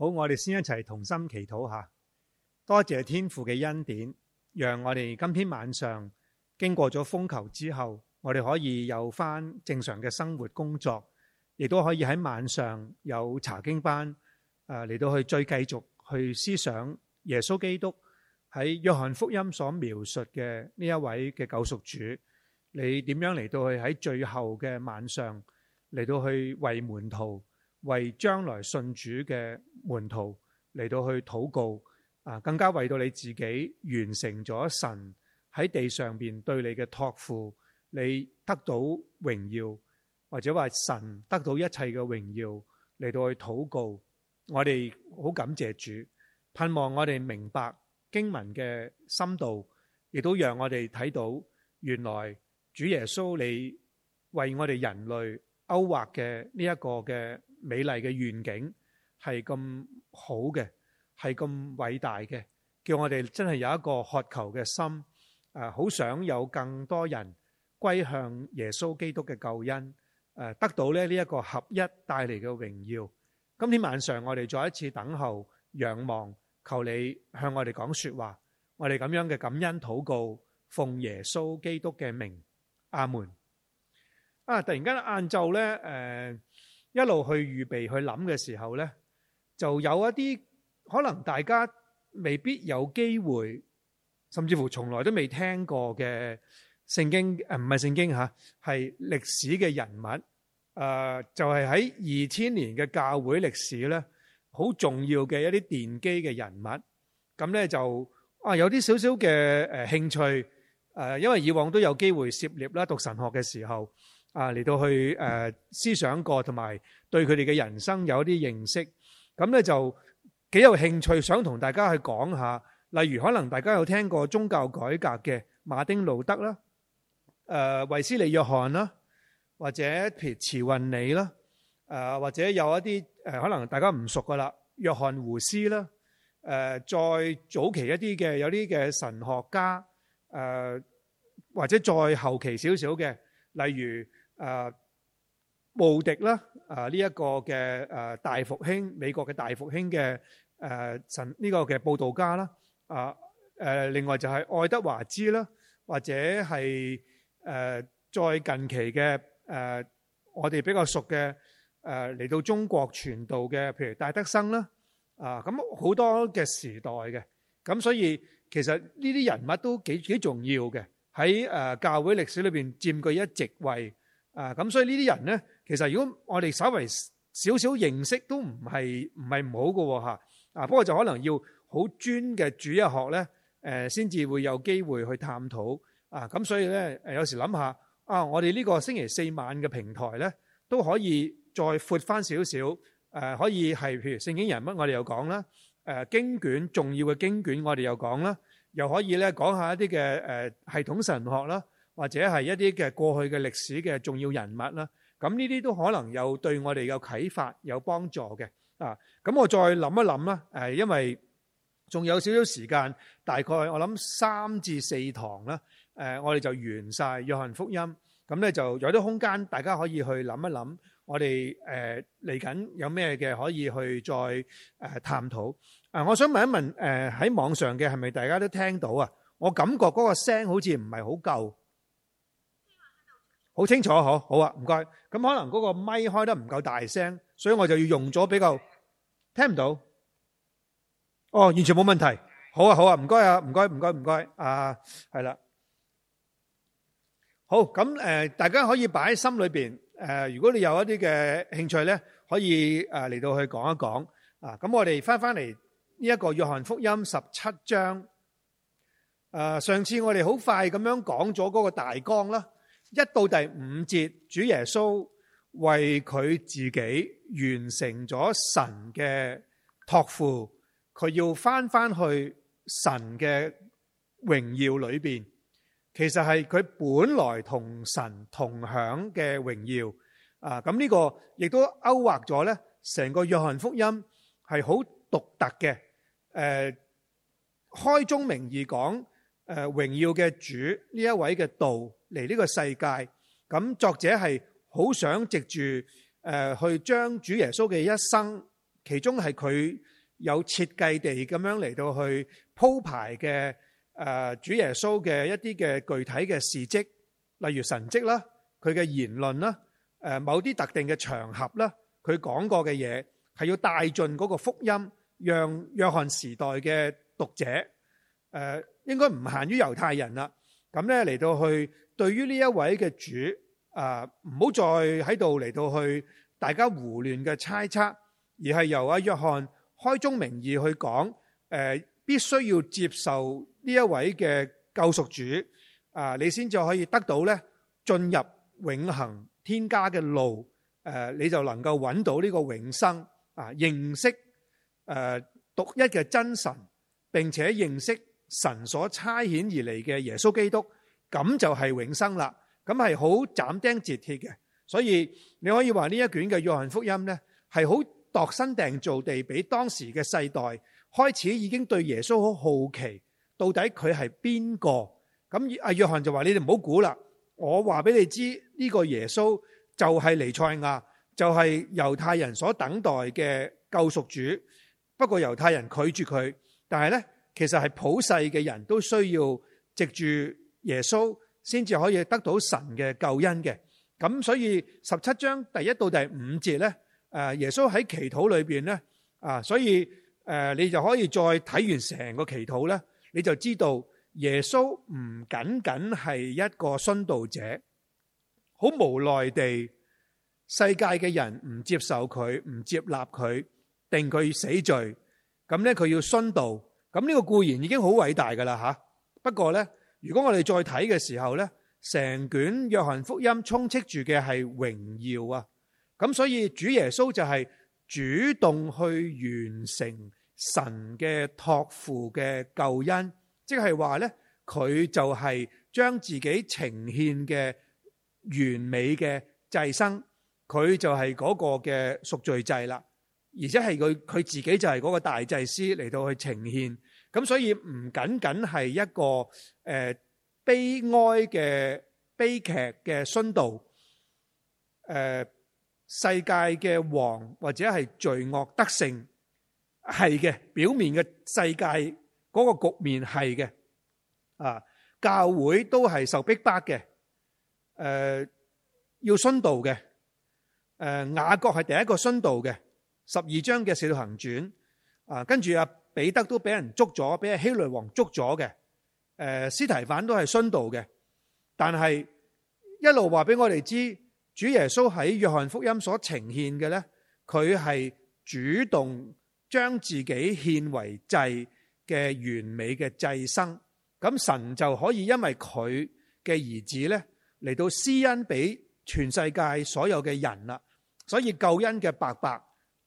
好，我哋先一齊同心祈禱下。多謝天父嘅恩典，讓我哋今天晚上經過咗風球之後，我哋可以有返正常嘅生活工作，亦都可以喺晚上有查經班，誒、呃、嚟到去再繼續去思想耶穌基督喺約翰福音所描述嘅呢一位嘅救贖主，你點樣嚟到,到去喺最後嘅晚上嚟到去為門徒。為將來信主嘅門徒嚟到去禱告啊，更加為到你自己完成咗神喺地上邊對你嘅託付，你得到榮耀，或者話神得到一切嘅榮耀嚟到去禱告。我哋好感謝主，盼望我哋明白經文嘅深度，亦都讓我哋睇到原來主耶穌你為我哋人類勾畫嘅呢一個嘅。美麗嘅願景係咁好嘅，係咁偉大嘅，叫我哋真係有一個渴求嘅心，誒，好想有更多人歸向耶穌基督嘅救恩，誒，得到咧呢一個合一帶嚟嘅榮耀。今天晚上我哋再一次等候仰望，求你向我哋講說話，我哋咁樣嘅感恩禱告，奉耶穌基督嘅名，阿門。啊，突然間晏晝咧，誒。一路去預備去諗嘅時候咧，就有一啲可能大家未必有機會，甚至乎從來都未聽過嘅聖經誒，唔係聖經吓，係歷史嘅人物誒，就係喺二千年嘅教會歷史咧，好重要嘅一啲奠基嘅人物，咁咧就啊有啲少少嘅誒興趣誒，因為以往都有機會涉獵啦，讀神學嘅時候。啊，嚟到去誒、呃、思想過，同埋對佢哋嘅人生有一啲認識，咁咧就幾有興趣，想同大家去講下。例如，可能大家有聽過宗教改革嘅馬丁路德啦，誒、呃、維斯里約翰啦，或者譬如慈運理啦，誒、呃、或者有一啲誒、呃、可能大家唔熟噶啦，約翰胡斯啦，誒、呃、再早期一啲嘅有啲嘅神學家，誒、呃、或者再後期少少嘅，例如。誒、啊、慕迪啦！啊，呢一個嘅誒大復興，美國嘅大復興嘅誒、啊、神呢個嘅佈道家啦。啊誒、啊，另外就係愛德華茲啦，或者係誒，再近期嘅誒，我哋比較熟嘅誒，嚟到中國傳道嘅，譬如戴德生啦。啊咁、啊、好、嗯、多嘅時代嘅咁，所以其實呢啲人物都幾幾重要嘅喺誒教會歷史裏邊佔據一席位。啊，咁所以這些呢啲人咧，其實如果我哋稍微少少認識都唔係唔係唔好噶吓，啊，不過就可能要好專嘅主日學咧，誒、呃，先至會有機會去探討。啊，咁所以咧，誒，有時諗下，啊，我哋呢個星期四晚嘅平台咧，都可以再闊翻少少，誒、呃，可以係譬如聖經人物我哋又講啦，誒、呃，經卷重要嘅經卷我哋又講啦，又可以咧講下一啲嘅誒系統神學啦。或者係一啲嘅過去嘅歷史嘅重要人物啦，咁呢啲都可能有對我哋有啟發、有幫助嘅啊！咁我再諗一諗啦，誒，因為仲有少少時間，大概我諗三至四堂啦，誒，我哋就完晒《約翰福音》，咁咧就有啲空間大家可以去諗一諗，我哋誒嚟緊有咩嘅可以去再誒探討。啊，我想問一問誒喺網上嘅係咪大家都聽到啊？我感覺嗰個聲好似唔係好夠。好清楚，嗬，好啊，唔該。咁可能嗰個咪開得唔夠大聲，所以我就要用咗比較聽唔到。哦，完全冇問題。好啊，好啊，唔該啊，唔該，唔該，唔該。啊，係啦。好，咁誒，大家可以擺喺心裏邊。誒，如果你有一啲嘅興趣咧，可以誒嚟到去講一講。啊，咁我哋翻翻嚟呢一個約翰福音十七章。誒，上次我哋好快咁樣講咗嗰個大綱啦。一到第五節，主耶穌為佢自己完成咗神嘅託付，佢要翻翻去神嘅榮耀裏邊。其實係佢本來同神同享嘅榮耀啊！咁、這、呢個亦都勾畫咗呢，成個約翰福音係好獨特嘅。誒、呃，開宗明義講誒、呃，榮耀嘅主呢一位嘅道。嚟呢個世界，咁作者係好想藉住誒、呃、去將主耶穌嘅一生，其中係佢有設計地咁樣嚟到去鋪排嘅誒、呃、主耶穌嘅一啲嘅具體嘅事跡，例如神跡啦，佢嘅言論啦，誒、呃、某啲特定嘅場合啦，佢講過嘅嘢，係要帶進嗰個福音，讓約翰時代嘅讀者，誒、呃、應該唔限於猶太人啦。咁咧嚟到去，對於呢一位嘅主，啊，唔好再喺度嚟到去大家胡亂嘅猜測，而係由阿約翰開宗明義去講，誒必須要接受呢一位嘅救贖主，啊，你先就可以得到咧進入永恆天家嘅路，誒你就能夠揾到呢個永生，啊，認識誒獨一嘅真神並且認識。神所差遣而嚟嘅耶穌基督，咁就係永生啦。咁係好斬釘截鐵嘅，所以你可以話呢一卷嘅約翰福音呢，係好度身訂造地俾當時嘅世代，開始已經對耶穌好好奇，到底佢係邊個？咁阿約翰就話：你哋唔好估啦，我話俾你知呢個耶穌就係彌賽亞，就係猶太人所等待嘅救贖主。不過猶太人拒絕佢，但係呢。」其實係普世嘅人都需要藉住耶穌先至可以得到神嘅救恩嘅。咁所以十七章第一到第五節咧，誒耶穌喺祈禱裏邊咧。啊，所以誒你就可以再睇完成個祈禱咧，你就知道耶穌唔僅僅係一個殉道者，好無奈地世界嘅人唔接受佢，唔接納佢，定佢死罪。咁咧，佢要殉道。咁呢個固然已經好偉大噶啦吓，不過呢，如果我哋再睇嘅時候呢，成卷約翰福音充斥住嘅係榮耀啊，咁所以主耶穌就係主動去完成神嘅託付嘅救恩，即係話呢，佢就係將自己呈現嘅完美嘅祭牲，佢就係嗰個嘅贖罪祭啦。而且係佢，佢自己就係嗰個大祭司嚟到去呈現，咁所以唔僅僅係一個誒悲哀嘅悲劇嘅殉道，誒世界嘅王或者係罪惡得勝係嘅表面嘅世界嗰個局面係嘅啊教會都係受逼迫嘅，誒要殉道嘅，誒雅各係第一個殉道嘅。十二章嘅四行傳啊，跟住阿彼得都俾人捉咗，俾希律王捉咗嘅。誒，斯提反都係殉道嘅，但係一路話俾我哋知，主耶穌喺約翰福音所呈現嘅呢，佢係主動將自己獻為祭嘅完美嘅祭牲，咁神就可以因為佢嘅兒子呢，嚟到施恩俾全世界所有嘅人啦。所以救恩嘅白白。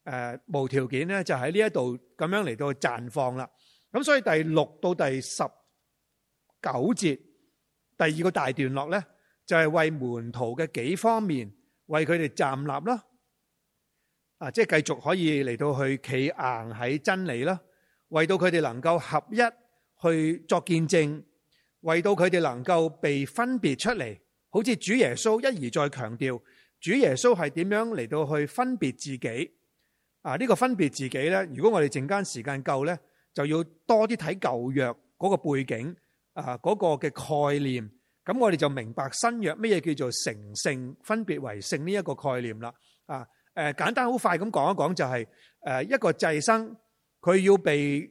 誒，無條件咧就喺呢一度咁樣嚟到綻放啦。咁所以第六到第十九節第二個大段落咧，就係為門徒嘅幾方面，為佢哋站立啦。啊，即係繼續可以嚟到去企硬喺真理啦，為到佢哋能夠合一去作見證，為到佢哋能夠被分別出嚟，好似主耶穌一而再強調，主耶穌係點樣嚟到去分別自己。啊！呢、這個分別自己咧，如果我哋陣間時間夠咧，就要多啲睇舊約嗰個背景，啊，嗰、那個嘅概念，咁我哋就明白新約咩嘢叫做成聖分別為聖呢一個概念啦。啊，誒、啊，簡單好快咁講一講就係、是，誒、啊，一個祭牲，佢要被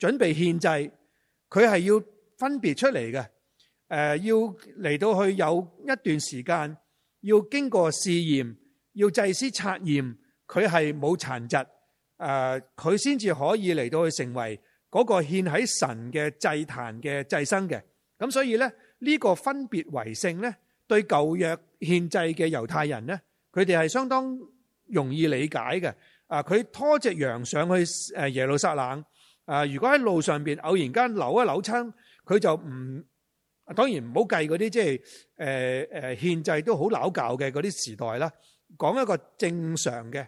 準備獻祭，佢係要分別出嚟嘅，誒、啊，要嚟到去有一段時間，要經過試驗，要祭司察驗。佢係冇殘疾，誒，佢先至可以嚟到去成為嗰個獻喺神嘅祭壇嘅祭牲嘅。咁所以咧，呢個分別為聖咧，對舊約獻祭嘅猶太人咧，佢哋係相當容易理解嘅。啊，佢拖隻羊上去誒耶路撒冷，啊，如果喺路上邊偶然間扭一扭親，佢就唔，當然唔好計嗰啲即係誒誒獻祭都好扭舊嘅嗰啲時代啦。講一個正常嘅。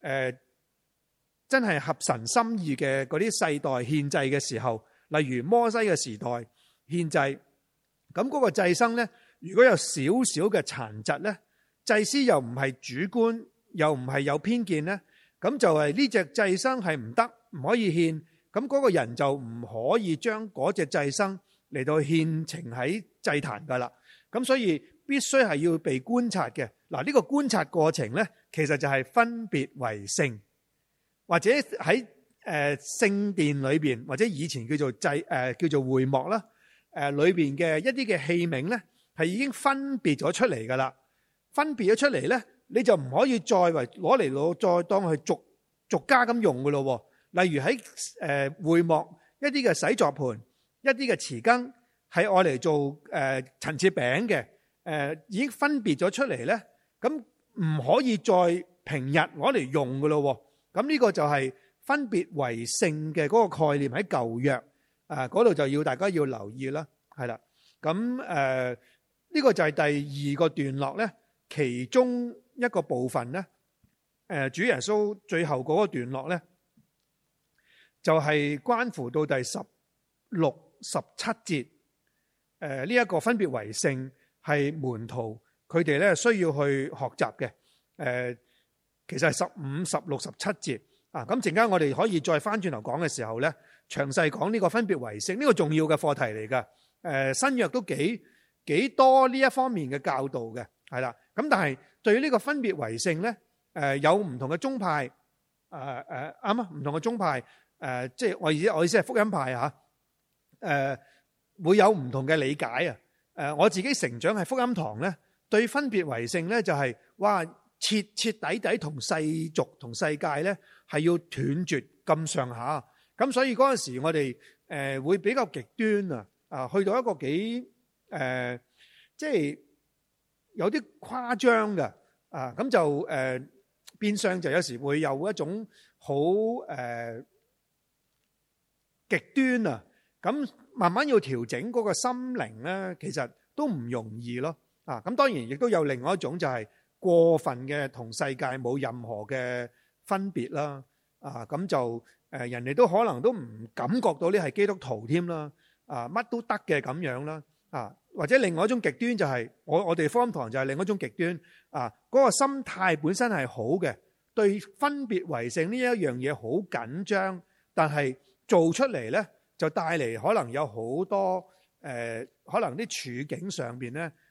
誒、呃，真係合神心意嘅嗰啲世代獻祭嘅時候，例如摩西嘅時代獻祭，咁、那、嗰個祭牲呢，如果有少少嘅殘疾呢，祭司又唔係主觀，又唔係有偏見呢，咁就係呢隻祭牲係唔得，唔可以獻，咁、那、嗰個人就唔可以將嗰隻祭牲嚟到獻呈喺祭壇噶啦，咁所以必須係要被觀察嘅。嗱，呢個觀察過程咧，其實就係分別為聖，或者喺誒聖殿裏面，或者以前叫做祭誒叫做會幕啦，誒裏面嘅一啲嘅器皿咧，係已經分別咗出嚟噶啦，分別咗出嚟咧，你就唔可以再為攞嚟攞再當去逐逐家咁用噶咯。例如喺誒會幕一啲嘅洗濯盤，一啲嘅匙羹，係愛嚟做誒陳設餅嘅，誒已經分別咗出嚟咧。咁唔可以再平日攞嚟用噶咯，咁呢個就係分別為聖嘅嗰個概念喺舊約，啊嗰度就要大家要留意啦，係啦，咁誒呢個就係第二個段落咧，其中一個部分咧，誒主耶穌最後嗰個段落咧，就係關乎到第十六、十七節，誒呢一個分別為聖係門徒。佢哋咧需要去學習嘅，誒，其實係十五、十六、十七節啊。咁陣間我哋可以再翻轉頭講嘅時候咧，詳細講呢個分別為聖，呢個重要嘅課題嚟㗎。誒新約都幾幾多呢一方面嘅教導嘅，係啦。咁但係對於呢個分別為聖咧，誒有唔同嘅宗派，誒誒啱啊，唔同嘅宗派，誒即係我意思，我意思係福音派嚇，誒會有唔同嘅理解啊。誒我自己成長係福音堂咧。對分別為聖咧，就係哇，徹徹底底同世俗同世界咧，係要斷絕咁上下。咁所以嗰陣時我哋誒會比較極端啊，啊去到一個幾誒即係有啲誇張嘅啊。咁就誒變相就有時會有一種好誒極端啊。咁慢慢要調整嗰個心靈咧，其實都唔容易咯。啊，咁當然亦都有另外一種就係過分嘅同世界冇任何嘅分別啦。啊，咁就誒人哋都可能都唔感覺到呢係基督徒添啦。啊，乜都得嘅咁樣啦。啊，或者另外一種極端就係我我哋福音堂就係另外一種極端。啊，嗰個心態本身係好嘅，對分別為聖呢一樣嘢好緊張，但係做出嚟呢就帶嚟可能有好多誒，可能啲處境上邊呢。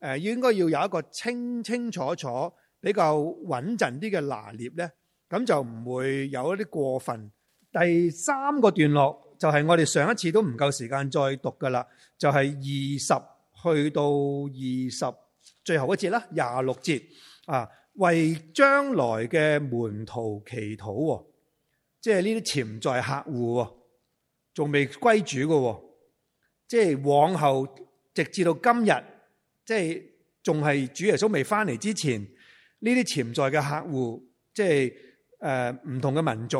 誒，應該要有一個清清楚楚、比較穩陣啲嘅拿捏咧，咁就唔會有一啲過分。第三個段落就係、是、我哋上一次都唔夠時間再讀噶啦，就係二十去到二十最後一節啦，廿六節啊，為將來嘅門徒祈禱喎，即係呢啲潛在客戶喎，仲未歸主嘅喎，即係往後直至到今日。即係仲係主耶穌未翻嚟之前，呢啲潛在嘅客戶，即係誒唔同嘅民族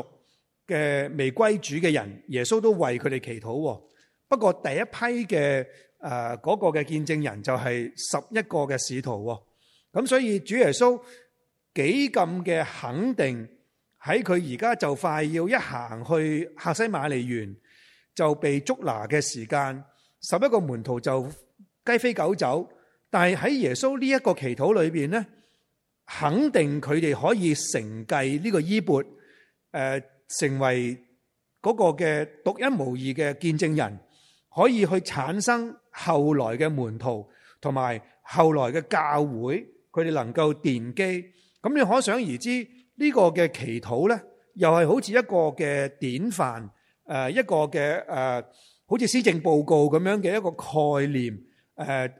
嘅未歸主嘅人，耶穌都為佢哋祈禱。不過第一批嘅誒嗰個嘅見證人就係十一個嘅使徒喎。咁所以主耶穌幾咁嘅肯定，喺佢而家就快要一行去客西馬尼園就被捉拿嘅時間，十一個門徒就雞飛狗走。但係喺耶穌呢一個祈禱裏邊咧，肯定佢哋可以承繼呢個衣鉢，誒、呃、成為嗰個嘅獨一無二嘅見證人，可以去產生後來嘅門徒，同埋後來嘅教會，佢哋能夠奠基。咁你可想而知呢、這個嘅祈禱咧，又係好似一個嘅典範，誒、呃、一個嘅誒、呃，好似施政報告咁樣嘅一個概念，誒、呃。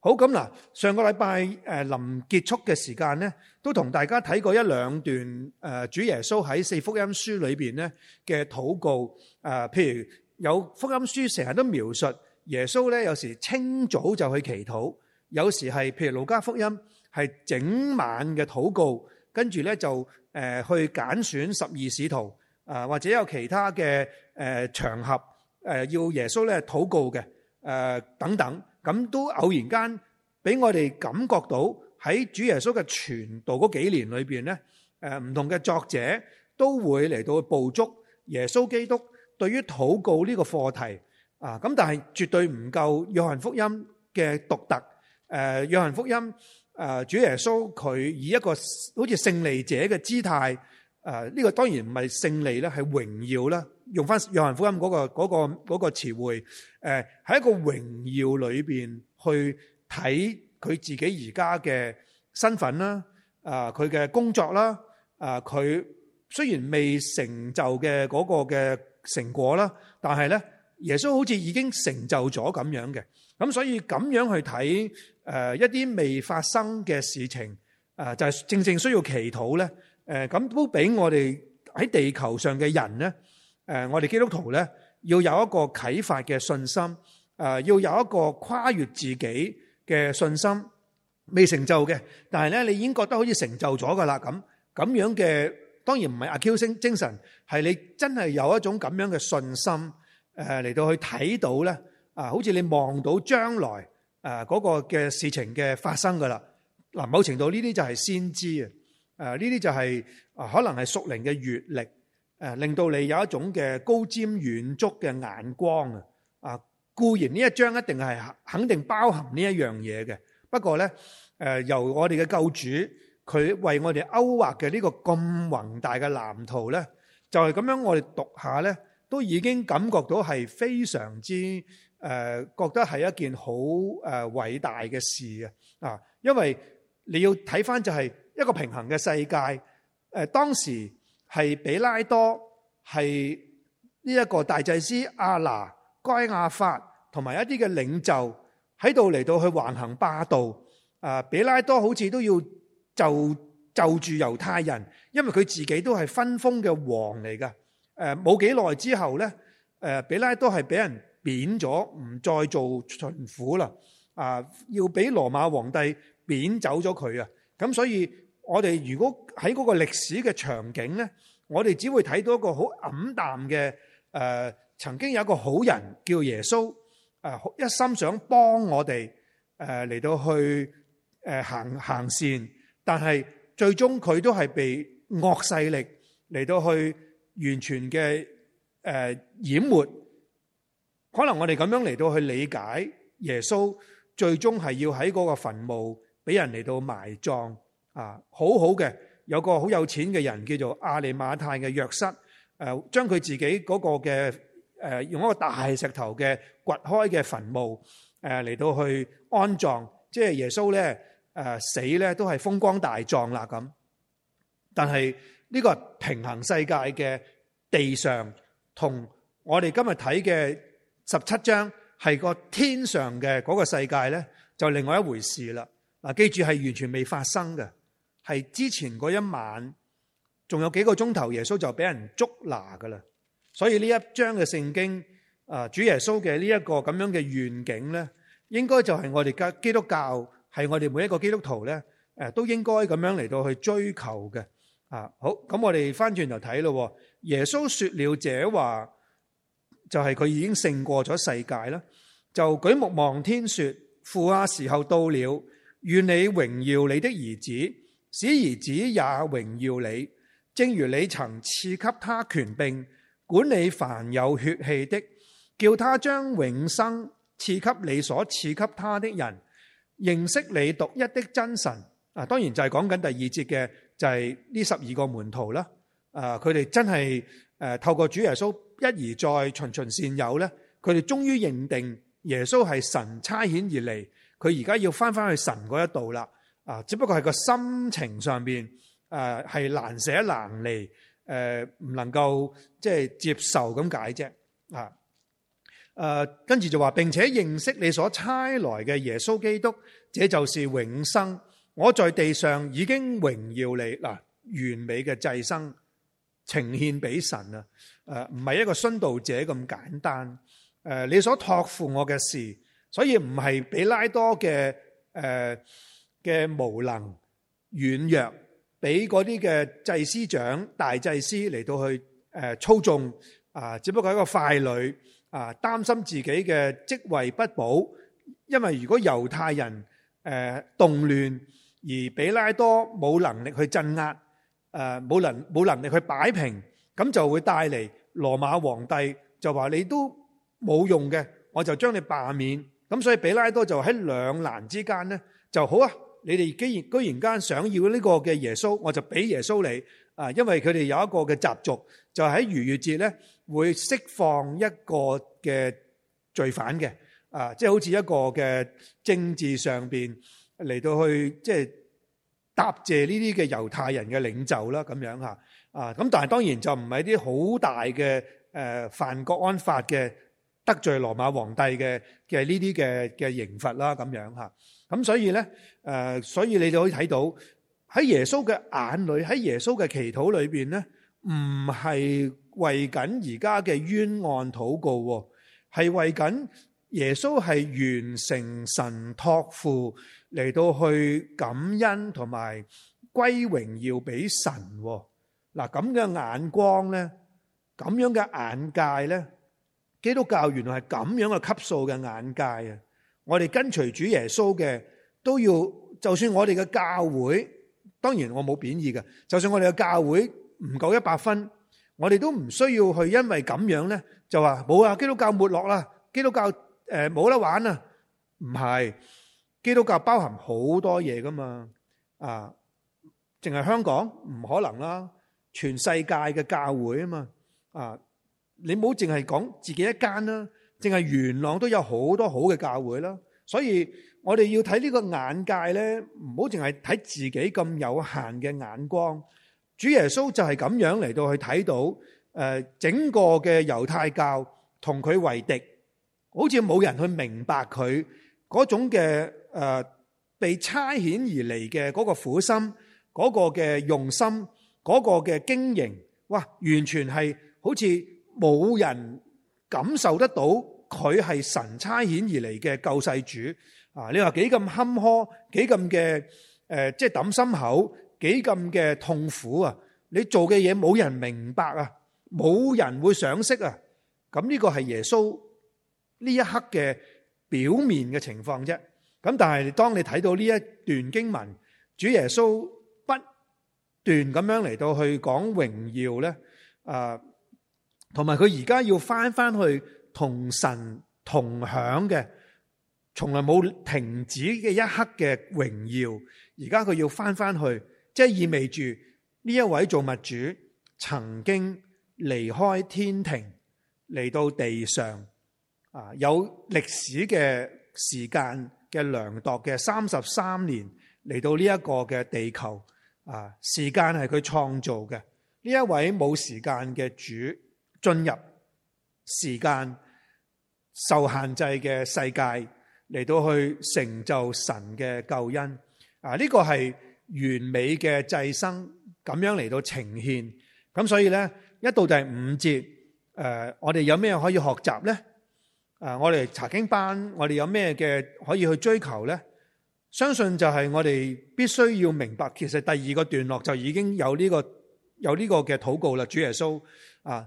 好，咁嗱，上個禮拜誒臨結束嘅時間咧，都同大家睇過一兩段誒主耶穌喺四福音書裏邊咧嘅禱告啊，譬如有福音書成日都描述耶穌咧，有時清早就去祈禱，有時係譬如路加福音係整晚嘅禱告，跟住咧就誒去揀選十二使徒啊，或者有其他嘅誒場合誒要耶穌咧禱告嘅誒等等。咁都偶然間俾我哋感覺到喺主耶穌嘅傳道嗰幾年裏邊咧，誒唔同嘅作者都會嚟到捕捉耶穌基督對於禱告呢個課題啊！咁但係絕對唔夠約翰福音嘅獨特，誒約翰福音，誒主耶穌佢以一個好似勝利者嘅姿態。啊！呢個當然唔係勝利咧，係榮耀咧。用翻《約翰福音》嗰個嗰個嗰個詞彙，誒係一個榮耀裏面去睇佢自己而家嘅身份啦，啊佢嘅工作啦，啊、呃、佢雖然未成就嘅嗰個嘅成果啦，但係咧，耶穌好似已經成就咗咁樣嘅。咁所以咁樣去睇誒、呃、一啲未發生嘅事情，誒、呃、就係正正需要祈禱咧。誒，咁都俾我哋喺地球上嘅人咧，誒，我哋基督徒咧，要有一個啟發嘅信心，誒，要有一個跨越自己嘅信心，未成就嘅，但係咧，你已經覺得好似成就咗噶啦，咁咁樣嘅，當然唔係阿 Q 星精神，係你真係有一種咁樣嘅信心，誒，嚟到去睇到咧，啊，好似你望到將來誒嗰個嘅事情嘅發生噶啦，嗱，某程度呢啲就係先知啊。誒呢啲就係、是、啊，可能係熟齡嘅閲歷，誒令到你有一種嘅高瞻遠矚嘅眼光啊！啊，固然呢一章一定係肯定包含呢一樣嘢嘅，不過咧誒、啊，由我哋嘅救主佢為我哋勾畫嘅呢個咁宏大嘅藍圖咧，就係、是、咁樣我哋讀下咧，都已經感覺到係非常之誒、啊，覺得係一件好誒偉大嘅事啊，啊！因為你要睇翻就係、是。一個平衡嘅世界，誒當時係彼拉多係呢一個大祭司亞拿該亞法同埋一啲嘅領袖喺度嚟到去橫行霸道，啊！彼拉多好似都要就就住猶太人，因為佢自己都係分封嘅王嚟㗎，誒冇幾耐之後咧，誒彼拉多係俾人貶咗，唔再做巡撫啦，啊，要俾羅馬皇帝貶走咗佢啊，咁所以。我哋如果喺嗰個歷史嘅場景咧，我哋只會睇到一個好黯淡嘅誒，曾經有一個好人叫耶穌，誒一心想幫我哋誒嚟到去誒行行善，但係最終佢都係被惡勢力嚟到去完全嘅誒掩沒。可能我哋咁樣嚟到去理解耶穌，最終係要喺嗰個墳墓俾人嚟到埋葬。啊，好好嘅，有個好有錢嘅人叫做亞利馬太嘅約瑟，誒、啊，將佢自己嗰個嘅誒、啊，用一個大石頭嘅掘開嘅墳墓，誒、啊、嚟到去安葬，即、就、係、是、耶穌咧，誒、啊、死咧都係風光大葬啦咁。但係呢個平行世界嘅地上同我哋今日睇嘅十七章係個天上嘅嗰個世界咧，就另外一回事啦。嗱、啊，記住係完全未發生嘅。係之前嗰一晚，仲有幾個鐘頭，耶穌就俾人捉拿噶啦。所以呢一章嘅聖經，啊，主耶穌嘅呢一個咁樣嘅願景咧，應該就係我哋嘅基督教，係我哋每一個基督徒咧，誒都應該咁樣嚟到去追求嘅。啊，好，咁我哋翻轉頭睇咯。耶穌說了這話，就係、是、佢已經勝過咗世界啦。就舉目望天說：父啊，時候到了，願你榮耀你的兒子。使兒子也榮耀你，正如你曾賜給他權柄，管理凡有血氣的，叫他將永生賜給你所賜給他的人。認識你獨一的真神。啊，當然就係講緊第二節嘅，就係、是、呢十二個門徒啦。啊，佢哋真係誒透過主耶穌一而再循循善誘咧，佢哋終於認定耶穌係神差遣而嚟，佢而家要翻翻去神嗰一度啦。啊，只不過係個心情上邊，誒係難捨難離，誒唔能夠即係接受咁解啫。啊，誒跟住就話，並且認識你所差來嘅耶穌基督，這就是永生。我在地上已經榮耀你，嗱，完美嘅祭生呈獻俾神啊。誒唔係一個殉道者咁簡單，誒你所託付我嘅事，所以唔係比拉多嘅誒。嘅無能軟弱，俾嗰啲嘅祭司長大祭司嚟到去誒操縱啊！只不過係一個傀儡啊，擔心自己嘅職位不保，因為如果猶太人誒動亂，而比拉多冇能力去鎮壓，誒冇能冇能力去擺平，咁就會帶嚟羅馬皇帝就話你都冇用嘅，我就將你罷免。咁所以比拉多就喺兩難之間咧，就好啊！你哋居然居然間想要呢個嘅耶穌，我就俾耶穌你啊！因為佢哋有一個嘅習俗，就喺逾越節咧會釋放一個嘅罪犯嘅啊，即係好似一個嘅政治上邊嚟到去即係答謝呢啲嘅猶太人嘅領袖啦咁樣吓啊！咁但係當然就唔係啲好大嘅誒犯國安法嘅得罪羅馬皇帝嘅嘅呢啲嘅嘅刑罰啦咁樣吓。咁所以咧，誒，所以你就可以睇到喺耶穌嘅眼裏，喺耶穌嘅祈禱裏邊咧，唔係為緊而家嘅冤案禱告，係為緊耶穌係完成神託付嚟到去感恩同埋歸榮耀俾神。嗱咁嘅眼光咧，咁樣嘅眼界咧，基督教原來係咁樣嘅級數嘅眼界啊！我哋跟隨主耶穌嘅都要，就算我哋嘅教會，當然我冇貶義嘅，就算我哋嘅教會唔夠一百分，我哋都唔需要去，因為咁樣咧就話冇啊，基督教沒落啦，基督教誒冇得玩啊，唔係，基督教包含好多嘢噶嘛，啊，淨係香港唔可能啦，全世界嘅教會啊嘛，啊，你唔好淨係講自己一間啦。淨係元朗都有好多好嘅教會啦，所以我哋要睇呢個眼界咧，唔好淨係睇自己咁有限嘅眼光。主耶穌就係咁樣嚟到去睇到誒整個嘅猶太教同佢為敵，好似冇人去明白佢嗰種嘅誒被差遣而嚟嘅嗰個苦心，嗰個嘅用心，嗰個嘅經營，哇，完全係好似冇人。感受得到佢係神差遣而嚟嘅救世主啊！你話幾咁坎坷，幾咁嘅誒，即係抌心口，幾咁嘅痛苦啊！你做嘅嘢冇人明白啊，冇人會賞識啊！咁呢個係耶穌呢一刻嘅表面嘅情況啫。咁但係當你睇到呢一段經文，主耶穌不斷咁樣嚟到去講榮耀咧啊！同埋佢而家要翻翻去同神同享嘅、從來冇停止嘅一刻嘅榮耀。而家佢要翻翻去，即係意味住呢一位造物主，曾經離開天庭嚟到地上，啊，有歷史嘅時間嘅量度嘅三十三年嚟到呢一個嘅地球，啊，時間係佢創造嘅，呢一位冇時間嘅主。進入時間受限制嘅世界嚟到去成就神嘅救恩啊！呢個係完美嘅祭牲，咁樣嚟到呈現。咁所以咧，一到第五節，誒、呃，我哋有咩可以學習咧？誒、啊，我哋查經班，我哋有咩嘅可以去追求咧？相信就係我哋必須要明白，其實第二個段落就已經有呢個有呢個嘅禱告啦。主耶穌啊！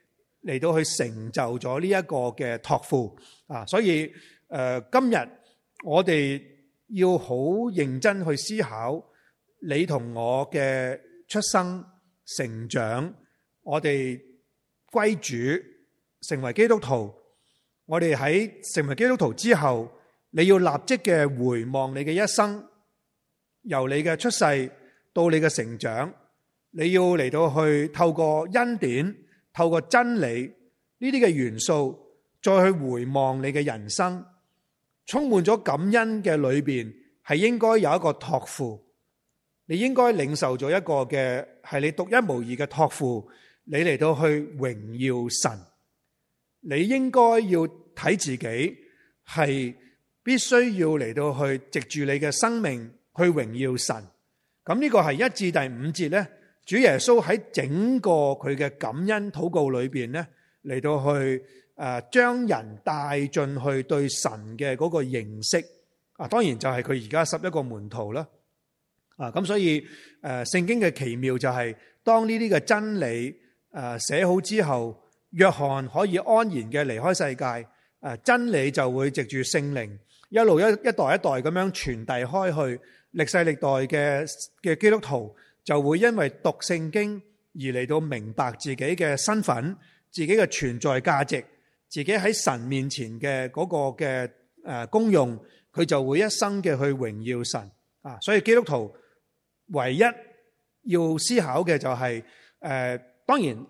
嚟到去成就咗呢一個嘅托付啊，所以誒，今日我哋要好認真去思考，你同我嘅出生、成長，我哋歸主，成為基督徒，我哋喺成為基督徒之後，你要立即嘅回望你嘅一生，由你嘅出世到你嘅成長，你要嚟到去透過恩典。透過真理呢啲嘅元素，再去回望你嘅人生，充滿咗感恩嘅裏邊，係應該有一個託付。你應該領受咗一個嘅係你獨一無二嘅託付，你嚟到去榮耀神。你應該要睇自己係必須要嚟到去藉住你嘅生命去榮耀神。咁呢個係一至第五節呢。主耶穌喺整個佢嘅感恩禱告裏邊呢，嚟到去誒，將人帶進去對神嘅嗰個認識啊，當然就係佢而家十一個門徒啦啊，咁所以誒，聖經嘅奇妙就係當呢啲嘅真理誒寫好之後，約翰可以安然嘅離開世界，誒，真理就會藉住聖靈一路一一代一代咁樣傳遞開去歷世歷代嘅嘅基督徒。就會因為讀聖經而嚟到明白自己嘅身份、自己嘅存在價值、自己喺神面前嘅嗰個嘅誒功用，佢就會一生嘅去榮耀神啊！所以基督徒唯一要思考嘅就係誒，當然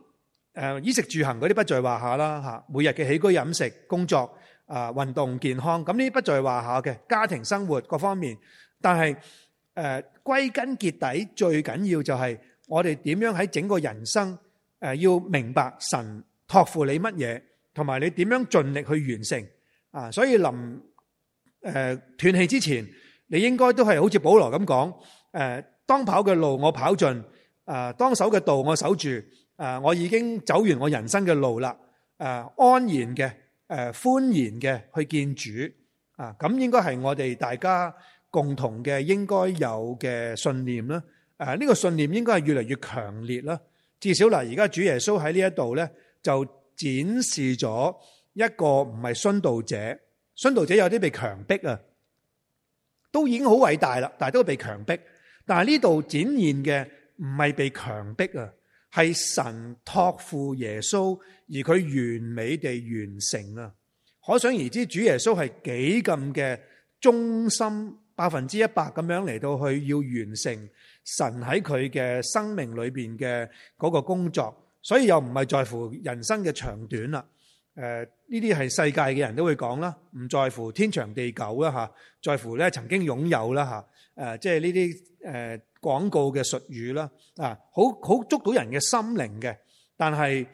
誒衣食住行嗰啲不在話下啦吓，每日嘅起居飲食、工作啊、運動健康，咁呢啲不在話下嘅家庭生活各方面，但係。誒，歸根結底最緊要就係我哋點樣喺整個人生誒，要明白神託付你乜嘢，同埋你點樣盡力去完成啊！所以臨誒斷氣之前，你應該都係好似保羅咁講誒，當跑嘅路我跑盡，誒，當守嘅道我守住，誒，我已經走完我人生嘅路啦，誒，安然嘅，誒，歡然嘅去見主啊！咁應該係我哋大家共同嘅應該有嘅信念啦，誒、這、呢個信念應該係越嚟越強烈啦。至少嗱，而家主耶穌喺呢一度咧，就展示咗一個唔係殉道者，殉道者有啲被強迫啊，都已經好偉大啦，但係都被強迫。但係呢度展現嘅唔係被強迫啊，係神託付耶穌，而佢完美地完成啊。可想而知，主耶穌係幾咁嘅忠心。百分之一百咁樣嚟到去要完成神喺佢嘅生命裏邊嘅嗰個工作，所以又唔係在乎人生嘅長短啦。誒，呢啲係世界嘅人都會講啦，唔在乎天長地久啦，吓，在乎咧，曾經擁有啦吓。誒，即係呢啲誒廣告嘅術語啦，啊，好好捉到人嘅心靈嘅。但係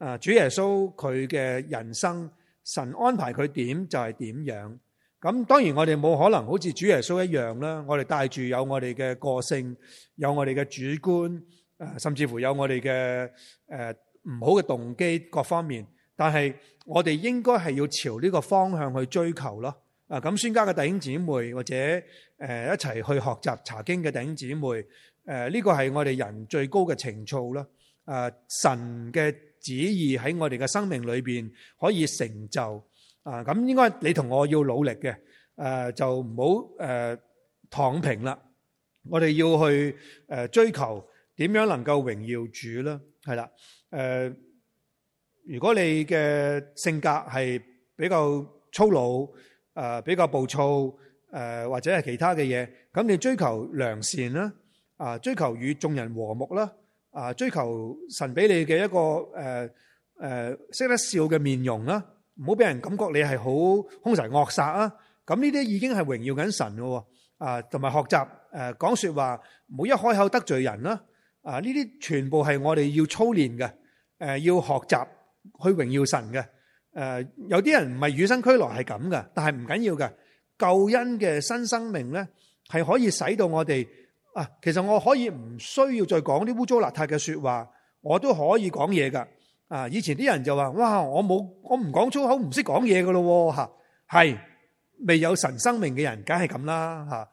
誒，主耶穌佢嘅人生，神安排佢點就係點樣。咁當然我哋冇可能好似主耶穌一樣啦，我哋帶住有我哋嘅個性，有我哋嘅主觀，誒甚至乎有我哋嘅誒唔好嘅動機各方面。但係我哋應該係要朝呢個方向去追求咯。啊，咁宣教嘅弟兄姊妹或者誒一齊去學習查經嘅弟兄姊妹，誒呢個係我哋人最高嘅情操啦。啊，神嘅旨意喺我哋嘅生命裏邊可以成就。啊，咁應該你同我要努力嘅，誒就唔好誒躺平啦。我哋要去誒追求點樣能夠榮耀主啦，係啦。誒，如果你嘅性格係比較粗魯，誒比較暴躁，誒或者係其他嘅嘢，咁你追求良善啦，啊，追求與眾人和睦啦，啊，追求神俾你嘅一個誒誒識得笑嘅面容啦。唔好俾人感覺你係好凶神惡煞啊！咁呢啲已經係榮耀緊神嘅，啊，同埋學習誒講、啊、說話，唔好一開口得罪人啦，啊，呢啲全部係我哋要操練嘅，誒、啊，要學習去榮耀神嘅，誒、啊，有啲人唔係與生俱來係咁嘅，但係唔緊要嘅，救恩嘅新生命咧係可以使到我哋啊，其實我可以唔需要再講啲污糟邋遢嘅說話，我都可以講嘢噶。啊！以前啲人就話，哇！我冇，我唔講粗口，唔識講嘢噶咯，吓，係未有神生命嘅人，梗係咁啦，吓。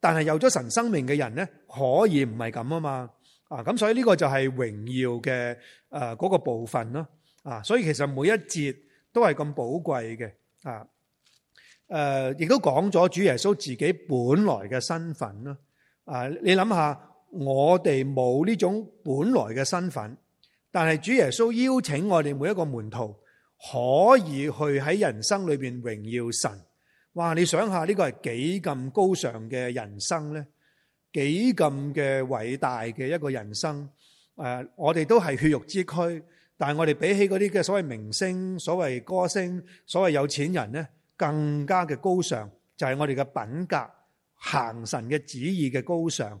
但係有咗神生命嘅人咧，可以唔係咁啊嘛，啊！咁所以呢個就係榮耀嘅誒嗰個部分咯，啊！所以其實每一節都係咁寶貴嘅，啊，誒，亦都講咗主耶穌自己本來嘅身份咯，啊！你諗下，我哋冇呢種本來嘅身份。但係主耶穌邀請我哋每一個門徒可以去喺人生裏邊榮耀神。哇！你想下呢個係幾咁高尚嘅人生呢？幾咁嘅偉大嘅一個人生。誒、呃，我哋都係血肉之軀，但係我哋比起嗰啲嘅所謂明星、所謂歌星、所謂有錢人呢，更加嘅高尚，就係、是、我哋嘅品格行神嘅旨意嘅高尚。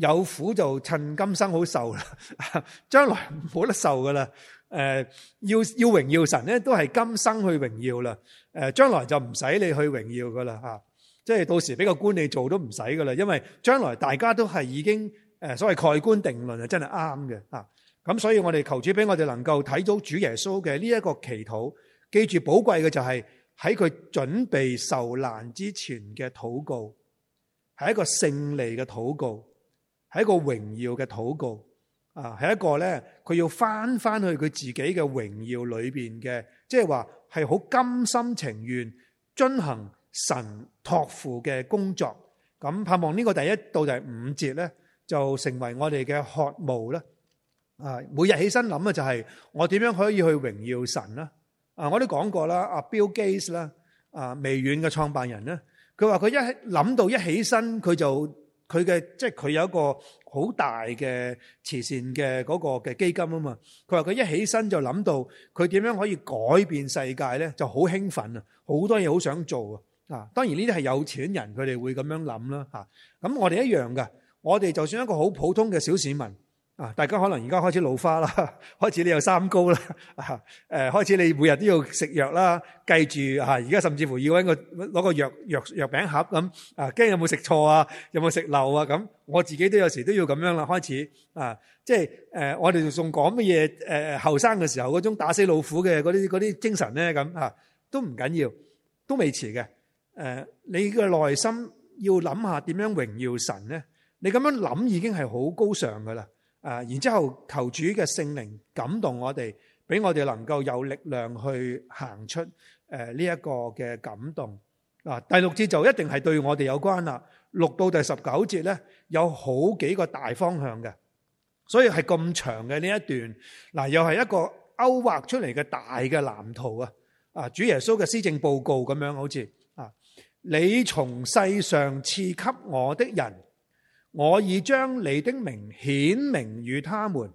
有苦就趁今生好受啦，將來冇得受噶啦。誒，要要榮耀神咧，都係今生去榮耀啦。誒，將來就唔使你去榮耀噶啦吓，即係到時俾個官你做都唔使噶啦，因為將來大家都係已經誒所謂蓋棺定論啊，真係啱嘅。咁所以我哋求主俾我哋能夠睇到主耶穌嘅呢一個祈禱，記住寶貴嘅就係喺佢準備受難之前嘅禱告，係一個勝利嘅禱告。係一個榮耀嘅禱告啊，係一個咧，佢要翻翻去佢自己嘅榮耀裏邊嘅，即係話係好甘心情願遵行神託付嘅工作。咁盼望呢個第一到第五節咧，就成為我哋嘅渴慕啦。啊，每日起身諗嘅就係我點樣可以去榮耀神啦。啊，我都講過啦，阿 Bill Gates 啦，啊微軟嘅創辦人咧，佢話佢一諗到一起身佢就。佢嘅即係佢有一個好大嘅慈善嘅嗰個嘅基金啊嘛，佢話佢一起身就諗到佢點樣可以改變世界咧，就好興奮啊，好多嘢，好想做啊，啊，當然呢啲係有錢人佢哋會咁樣諗啦吓，咁，啊，我哋一樣噶，我哋就算一個好普通嘅小市民，啊！大家可能而家開始老花啦，開始你有三高啦，誒，開始你每日都要食藥啦，計住吓，而家甚至乎要搵個攞個藥藥藥餅盒咁啊，驚有冇食錯啊，有冇食漏啊咁。我自己都有時都要咁樣啦，開始啊，即係誒，我哋仲講乜嘢誒？後生嘅時候嗰種打死老虎嘅嗰啲嗰啲精神咧，咁吓都唔緊要，要，都未遲嘅。誒，你嘅內心要諗下點樣榮耀神咧？你咁樣諗已經係好高尚噶啦。啊！然之後求主嘅聖靈感動我哋，俾我哋能夠有力量去行出誒呢一個嘅感動。啊，第六節就一定係對我哋有關啦。六到第十九節呢，有好幾個大方向嘅，所以係咁長嘅呢一段，嗱又係一個勾畫出嚟嘅大嘅藍圖啊！啊，主耶穌嘅施政報告咁樣好似啊，你從世上賜給我的人。我已將你的名顯明與他們，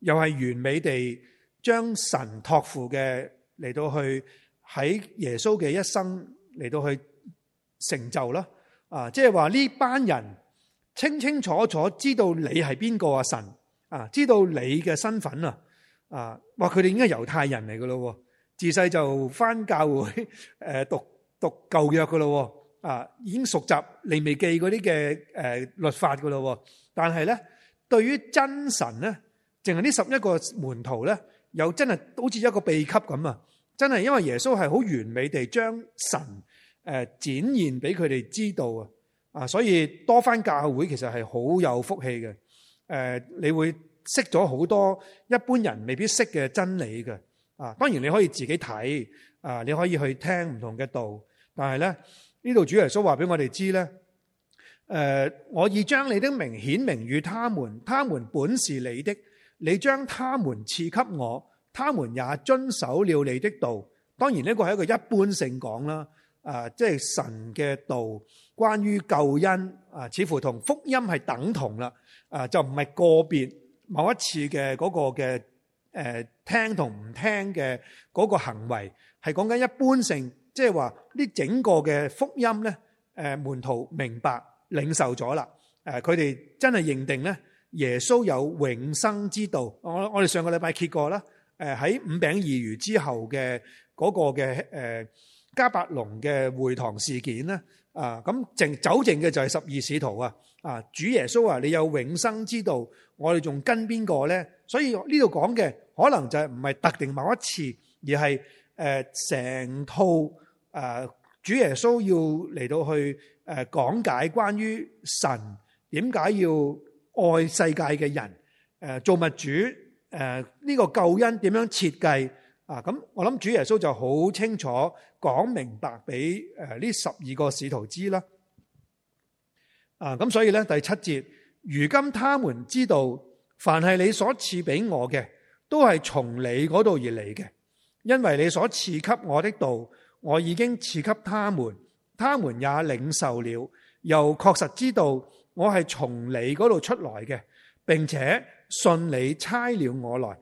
又係完美地將神託付嘅嚟到去喺耶穌嘅一生嚟到去成就咯。啊，即係話呢班人清清楚楚知道你係邊個啊神，啊，知道你嘅身份啊啊，哇！佢哋應該係猶太人嚟噶咯，自細就翻教會誒讀讀舊約噶咯。啊，已經熟習利未記嗰啲嘅誒律法噶咯，但係咧，對於真神咧，淨係呢十一個門徒咧，又真係好似一個秘笈咁啊！真係因為耶穌係好完美地將神誒展現俾佢哋知道啊！啊，所以多返教會其實係好有福氣嘅誒，你會識咗好多一般人未必識嘅真理嘅啊！當然你可以自己睇啊，你可以去聽唔同嘅道，但係咧。呢度主耶穌話俾我哋知咧，誒、呃，我已將你的名顯明與他們，他們本是你的，你將他們賜給我，他們也遵守了你的道。當然呢個係一個一般性講啦，誒、呃，即係神嘅道，關於救恩，啊、呃，似乎同福音係等同啦，啊、呃，就唔係個別某一次嘅嗰，那個嘅，誒、呃，聽同唔聽嘅嗰個行為，係講緊一般性。即係話呢整個嘅福音咧，誒門徒明白領受咗啦，誒佢哋真係認定咧耶穌有永生之道。我我哋上個禮拜揭過啦，誒喺五餅二魚之後嘅嗰個嘅誒加百隆嘅會堂事件咧，啊咁靜走剩嘅就係十二使徒啊，啊主耶穌啊，你有永生之道，我哋仲跟邊個咧？所以呢度講嘅可能就係唔係特定某一次，而係誒成套。誒，主耶穌要嚟到去誒講解關於神點解要愛世界嘅人，誒做物主，誒呢個救恩點樣設計啊？咁我諗主耶穌就好清楚講明白俾誒呢十二個使徒知啦。啊，咁所以咧第七節，如今他們知道，凡係你所賜俾我嘅，都係從你嗰度而嚟嘅，因為你所賜給我的道。我已經賜給他們，他們也領受了，又確實知道我係從你嗰度出來嘅，並且信你差了我來。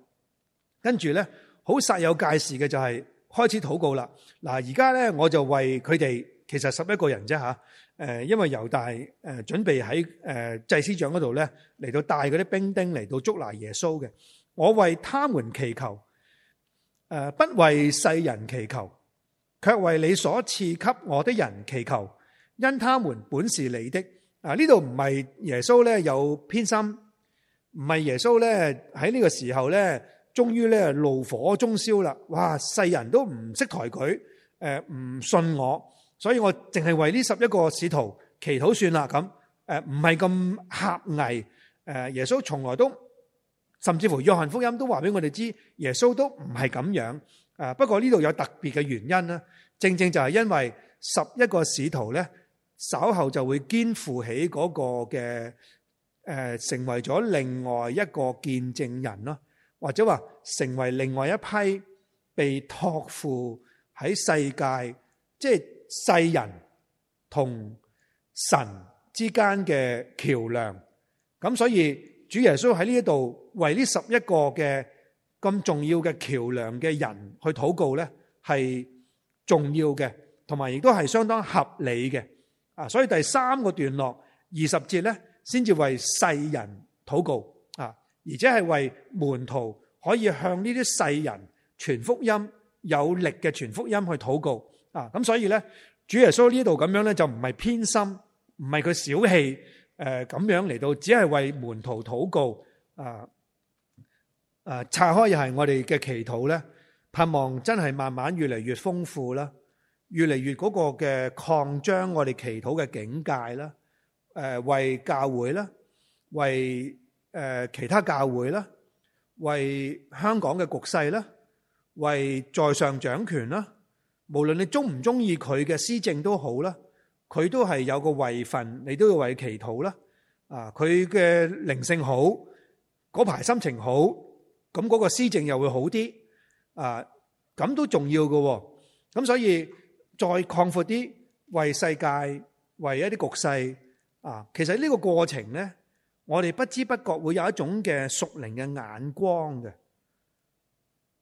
跟住咧，好煞有介事嘅就係開始禱告啦。嗱，而家咧我就為佢哋，其實十一個人啫吓。誒，因為猶大誒準備喺誒祭司長嗰度咧嚟到帶嗰啲兵丁嚟到捉拿耶穌嘅。我為他們祈求，誒，不為世人祈求。卻為你所賜給我的人祈求，因他們本是你的。啊，呢度唔係耶穌咧有偏心，唔係耶穌咧喺呢個時候咧，終於咧怒火中燒啦。哇，世人都唔識抬舉，誒、呃、唔信我，所以我淨係為呢十一個使徒祈禱算啦咁。誒，唔係咁狹隘。誒、呃，耶穌從來都，甚至乎約翰福音都話俾我哋知，耶穌都唔係咁樣。啊！不過呢度有特別嘅原因咧，正正就係因為十一個使徒咧，稍後就會肩負起嗰個嘅誒，成為咗另外一個見證人咯，或者話成為另外一批被託付喺世界，即係世人同神之間嘅橋梁。咁所以主耶穌喺呢一度為呢十一個嘅咁重要嘅橋樑嘅人去禱告咧，係重要嘅，同埋亦都係相當合理嘅啊！所以第三個段落二十節咧，先至為世人禱告啊，而且係為門徒可以向呢啲世人傳福音，有力嘅傳福音去禱告啊！咁所以咧，主耶穌呢度咁樣咧，就唔係偏心，唔係佢小氣誒，咁樣嚟到，只係為門徒禱告啊。啊！拆開又係我哋嘅祈禱咧，盼望真係慢慢越嚟越豐富啦，越嚟越嗰個嘅擴張我哋祈禱嘅境界啦。誒，為教會啦，為誒其他教會啦，為香港嘅局勢啦，為在上掌權啦。無論你鍾唔鍾意佢嘅施政都好啦，佢都係有個位份，你都要為祈禱啦。啊，佢嘅靈性好，嗰排心情好，咁嗰個施政又會好啲啊，咁都重要噶。咁所以再擴闊啲，為世界為一啲局勢啊。其實呢個過程咧，我哋不知不覺會有一種嘅屬靈嘅眼光嘅，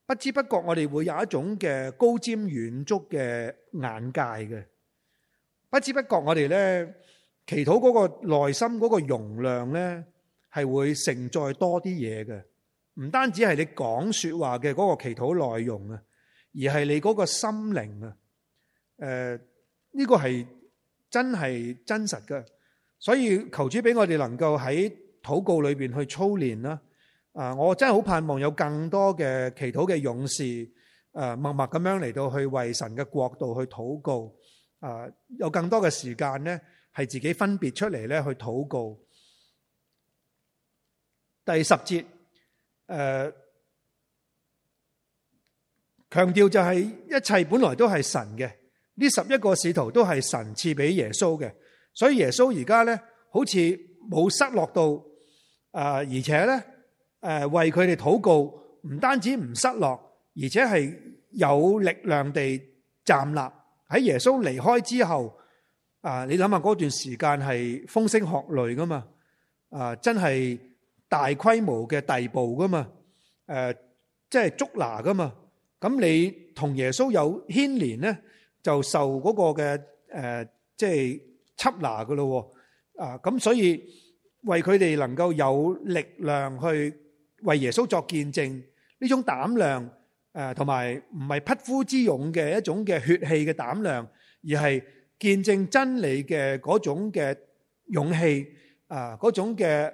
不知不覺我哋會有一種嘅高瞻遠矚嘅眼界嘅。不知不覺我哋咧祈禱嗰個內心嗰個容量咧係會承載多啲嘢嘅。唔單止係你講說話嘅嗰個祈禱內容啊，而係你嗰個心靈啊，誒，呢個係真係真實㗎。所以求主俾我哋能夠喺禱告裏邊去操練啦。啊，我真係好盼望有更多嘅祈禱嘅勇士，誒，默默咁樣嚟到去為神嘅國度去禱告。啊，有更多嘅時間咧，係自己分別出嚟咧去禱告。第十節。誒、呃，強調就係一切本來都係神嘅，呢十一個使徒都係神賜俾耶穌嘅，所以耶穌而家咧，好似冇失落到，啊、呃，而且咧，誒、呃，為佢哋禱告，唔單止唔失落，而且係有力量地站立喺耶穌離開之後，啊、呃，你諗下嗰段時間係風聲鶴唳噶嘛，啊、呃，真係。大規模嘅逮捕噶嘛，誒即係捉拿噶嘛，咁你同耶穌有牽連咧，就受嗰個嘅誒即係緝拿噶咯喎，啊咁所以為佢哋能夠有力量去為耶穌作見證，呢種膽量誒同埋唔係匹夫之勇嘅一種嘅血氣嘅膽量，而係見證真理嘅嗰種嘅勇氣啊嗰種嘅。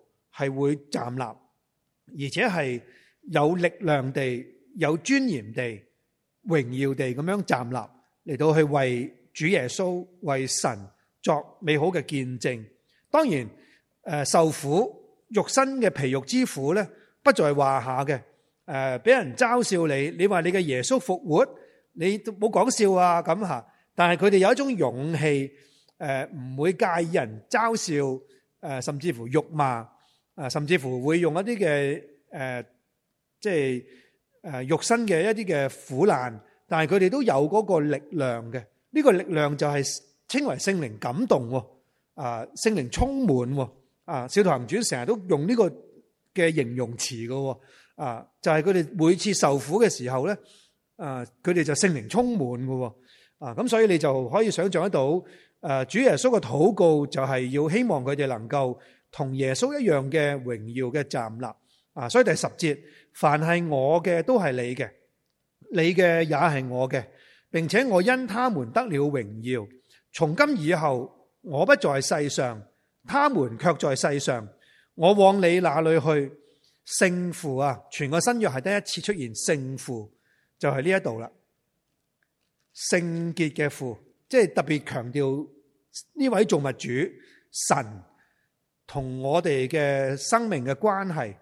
係會站立，而且係有力量地，有尊嚴地，榮耀地咁樣站立，嚟到去為主耶穌，為神作美好嘅見證。當然，誒受苦肉身嘅皮肉之苦咧，不在話下嘅。誒俾人嘲笑你，你話你嘅耶穌復活，你都冇講笑啊咁吓。但係佢哋有一種勇氣，誒唔會介意人嘲笑，誒甚至乎辱罵。啊，甚至乎會用一啲嘅，誒，即係誒肉身嘅一啲嘅苦難，但係佢哋都有嗰個力量嘅。呢個力量就係稱為聖靈感動，啊，聖靈充滿，啊，使徒行傳成日都用呢個嘅形容詞噶，啊，就係佢哋每次受苦嘅時候咧，啊，佢哋就聖靈充滿噶，啊，咁所以你就可以想象得到，誒，主耶穌嘅禱告就係要希望佢哋能夠。同耶穌一樣嘅榮耀嘅站立啊！所以第十節，凡係我嘅都係你嘅，你嘅也係我嘅，並且我因他們得了榮耀。從今以後，我不在世上，他們卻在世上。我往你那裡去，聖父啊！全個新約係第一次出現聖父就係呢一度啦。聖潔嘅父，即係特別強調呢位造物主神。同我哋嘅生命嘅關係，呢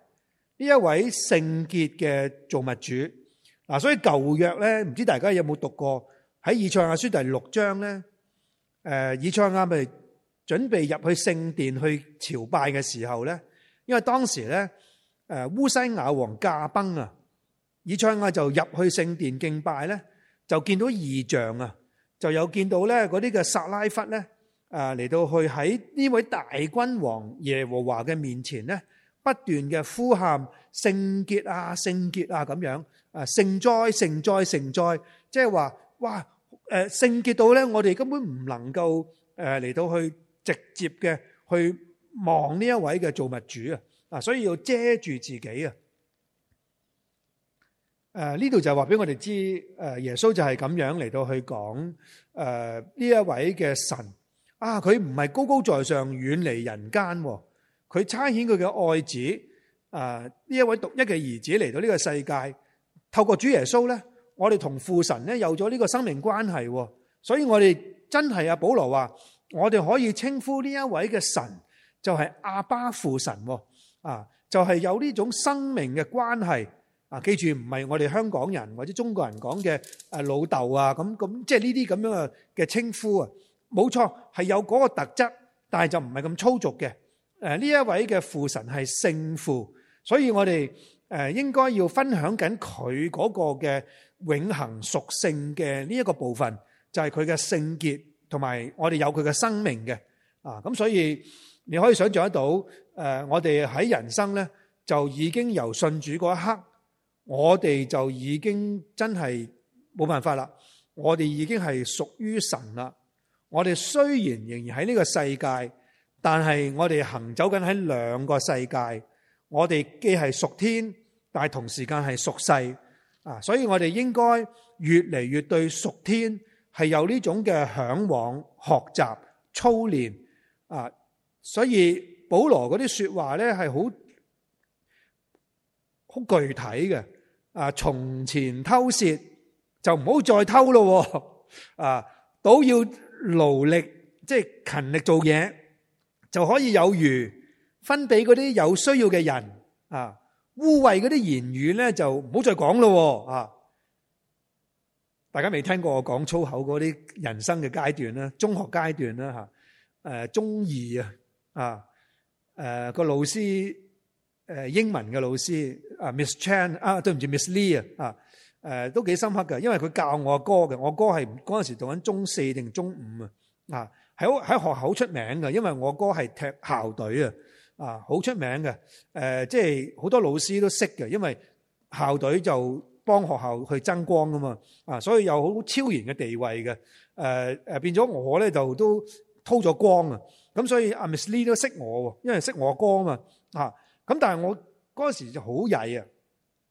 一位聖潔嘅造物主嗱，所以舊約咧，唔知大家有冇讀過喺以賽亞書第六章咧？誒，以賽亞咪準備入去聖殿去朝拜嘅時候咧，因為當時咧誒烏西雅王駕崩啊，以賽亞就入去聖殿敬拜咧，就見到異象啊，就有見到咧嗰啲嘅撒拉弗咧。誒，嚟到去喺呢位大君王耶和華嘅面前咧，不斷嘅呼喊聖潔啊，聖潔啊，咁樣聖哉，聖哉，聖哉，即係話，哇，誒，聖潔到咧，我哋根本唔能夠誒嚟到去直接嘅去望呢一位嘅造物主啊，啊，所以要遮住自己啊，誒，呢度就話俾我哋知，誒，耶穌就係咁樣嚟到去講，誒，呢一位嘅神。啊！佢唔係高高在上、遠離人間，佢差遣佢嘅愛子，啊呢一位獨一嘅兒子嚟到呢個世界，透過主耶穌咧，我哋同父神咧有咗呢個生命關係。所以我哋真係啊保羅話，我哋可以稱呼呢一位嘅神就係阿爸父神，啊，就係、是、有呢種生命嘅關係。啊，記住唔係我哋香港人或者中國人講嘅老豆啊，咁咁，即係呢啲咁樣嘅嘅稱呼啊。冇錯，係有嗰個特質，但係就唔係咁粗俗嘅。誒，呢一位嘅父神係聖父，所以我哋誒應該要分享緊佢嗰個嘅永恆屬性嘅呢一個部分，就係佢嘅聖潔，同埋我哋有佢嘅生命嘅。啊，咁所以你可以想象得到，誒，我哋喺人生咧就已經由信主嗰一刻，我哋就已經真係冇辦法啦，我哋已經係屬於神啦。我哋雖然仍然喺呢個世界，但係我哋行走緊喺兩個世界。我哋既係屬天，但係同時間係屬世啊，所以我哋應該越嚟越對屬天係有呢種嘅向往、學習、操練啊。所以保羅嗰啲說話咧係好好具體嘅啊。從前偷竊就唔好再偷咯，啊，都要。勞力即係、就是、勤力做嘢，就可以有餘分俾嗰啲有需要嘅人啊！污穢嗰啲言語咧就唔好再講咯喎啊！大家未聽過我講粗口嗰啲人生嘅階段啦，中學階段啦吓，誒中二啊啊，誒個老師誒英文嘅老師啊 Miss Chan 啊，對唔住 Miss Lee 啊。誒，都幾深刻嘅，因為佢教我阿哥嘅，我哥係嗰陣時讀緊中四定中五啊，啊，喺喺學校好出名嘅，因為我哥係踢校隊啊，啊，好出名嘅，誒，即係好多老師都識嘅，因為校隊就幫學校去爭光噶嘛，啊，所以有好超然嘅地位嘅，誒誒，變咗我咧就都偷咗光啊，咁所以阿 Miss Lee 都識我，因為識我阿哥啊嘛，啊，咁但係我嗰陣時就好曳啊，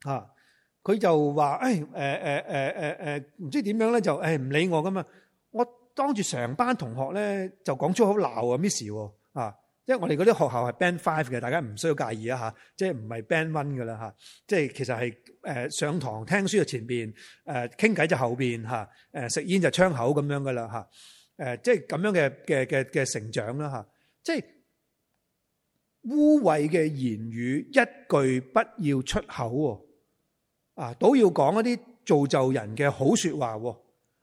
啊。佢就話，誒誒誒誒誒誒，唔、呃呃呃、知點樣咧，就誒唔、哎、理我噶嘛。我當住成班同學咧，就講粗口鬧啊 miss 喎、啊，啊！因為我哋嗰啲學校係 Band Five 嘅，大家唔需要介意啊吓，即係唔係 Band One 嘅啦吓，即係其實係誒、呃、上堂聽書嘅前邊，誒傾偈就後邊吓，誒、啊呃、食煙就窗口咁樣噶啦吓，誒、啊、即係咁樣嘅嘅嘅嘅成長啦吓、啊，即係污穢嘅言語一句不要出口喎、啊。啊，都要講一啲造就人嘅好說話喎。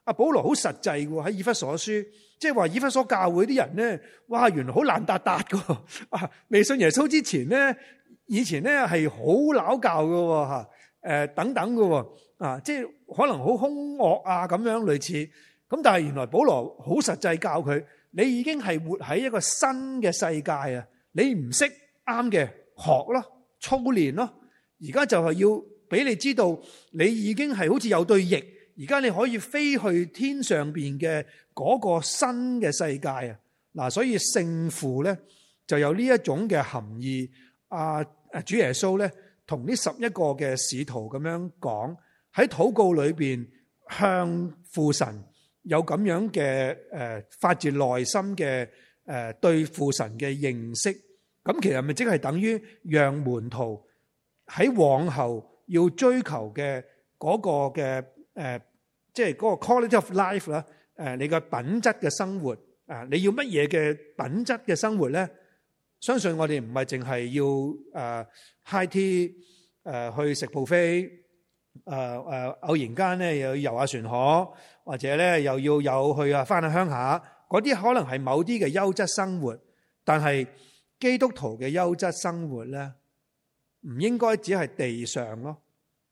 阿保羅好實際喎，喺以弗所書，即係話以弗所教會啲人咧，哇，原來好爛達達噶，未信耶穌之前咧，以前咧係好撈教噶，喎，誒等等噶，啊，即係可能好兇惡啊咁樣類似。咁但係原來保羅好實際教佢，你已經係活喺一個新嘅世界啊，你唔識啱嘅，學咯，操練咯，而家就係要。俾你知道，你已經係好似有對翼，而家你可以飛去天上邊嘅嗰個新嘅世界啊！嗱，所以聖父咧就有呢一種嘅含義。阿主耶穌咧同呢十一個嘅使徒咁樣講，喺禱告裏邊向父神有咁樣嘅誒發自內心嘅誒對父神嘅認識。咁其實咪即係等於讓門徒喺往後。要追求嘅嗰個嘅誒，即係嗰個 quality of life 啦，誒，你個品質嘅生活啊，你要乜嘢嘅品質嘅生活咧？相信我哋唔係淨係要誒 high tea 誒去食 buffet，誒誒，偶然間咧又遊下船河，或者咧又要有去啊翻去鄉下，嗰啲可能係某啲嘅優質生活，但係基督徒嘅優質生活咧，唔應該只係地上咯，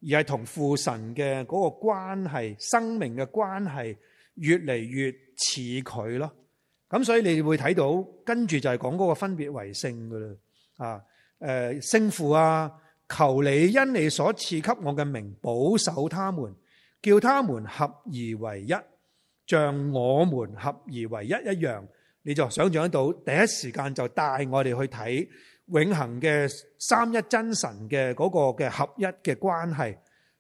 而係同父神嘅嗰個關係、生命嘅關係越嚟越似佢咯。咁所以你會睇到，跟住就係講嗰個分別為聖嘅啦。啊，誒，聖父啊，求你因你所賜給我嘅名保守他們，叫他們合而為一，像我們合而為一一樣。你就想象得到，第一時間就帶我哋去睇。永恒嘅三一真神嘅嗰個嘅合一嘅關係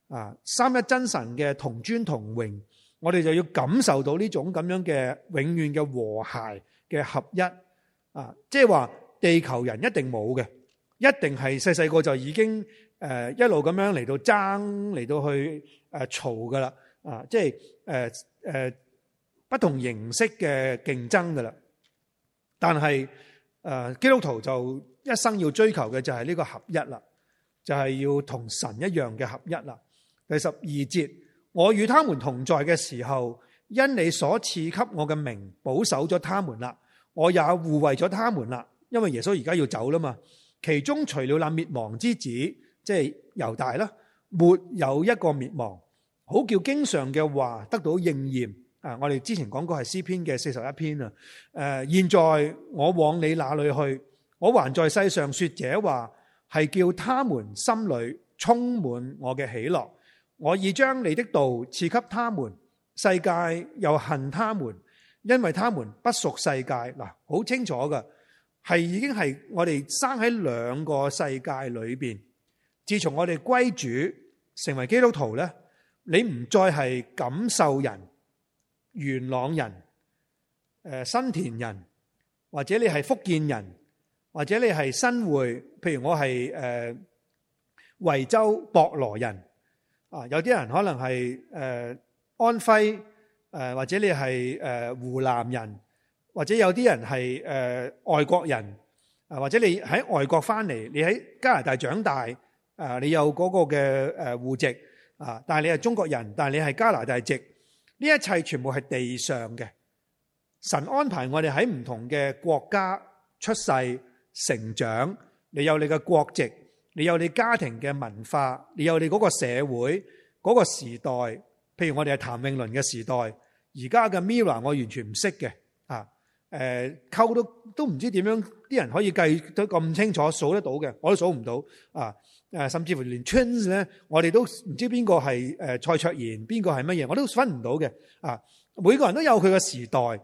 啊，三一真神嘅同尊同榮，我哋就要感受到呢種咁樣嘅永遠嘅和諧嘅合一啊，即係話地球人一定冇嘅，一定係細細個就已經誒一路咁樣嚟到爭嚟到去誒嘈噶啦啊，即係誒誒不同形式嘅競爭噶啦，但係誒基督徒就。一生要追求嘅就係呢個合一啦，就係要同神一樣嘅合一啦。第十二節，我與他們同在嘅時候，因你所賜給我嘅名，保守咗他們啦，我也護衛咗他們啦。因為耶穌而家要走啦嘛，其中除了那滅亡之子，即係猶大啦，沒有一個滅亡，好叫經常嘅話得到應驗。啊，我哋之前講過係詩篇嘅四十一篇啊。誒，現在我往你那裏去。我還在世上說這話，係叫他們心裏充滿我嘅喜樂。我已將你的道賜給他們，世界又恨他們，因為他們不屬世界。嗱，好清楚㗎，係已經係我哋生喺兩個世界裏邊。自從我哋歸主，成為基督徒呢，你唔再係感受人、元朗人、誒新田人，或者你係福建人。或者你係新會，譬如我係誒惠州博羅人啊，有啲人可能係誒安徽誒，或者你係誒湖南人，或者有啲人係誒外國人啊，或者你喺外國翻嚟，你喺加拿大長大啊，你有嗰個嘅誒戶籍啊，但係你係中國人，但係你係加拿大籍，呢一切全部係地上嘅。神安排我哋喺唔同嘅國家出世。成長，你有你嘅國籍，你有你家庭嘅文化，你有你嗰個社會嗰、那個時代。譬如我哋係譚詠麟嘅時代，而家嘅 Mirror 我完全唔識嘅啊。誒、呃，溝都都唔知點樣，啲人可以計得咁清楚，數得到嘅，我都數唔到啊。誒、啊，甚至乎連 Twins 咧，我哋都唔知邊個係誒蔡卓妍，邊個係乜嘢，我都分唔到嘅啊。每個人都有佢嘅時代，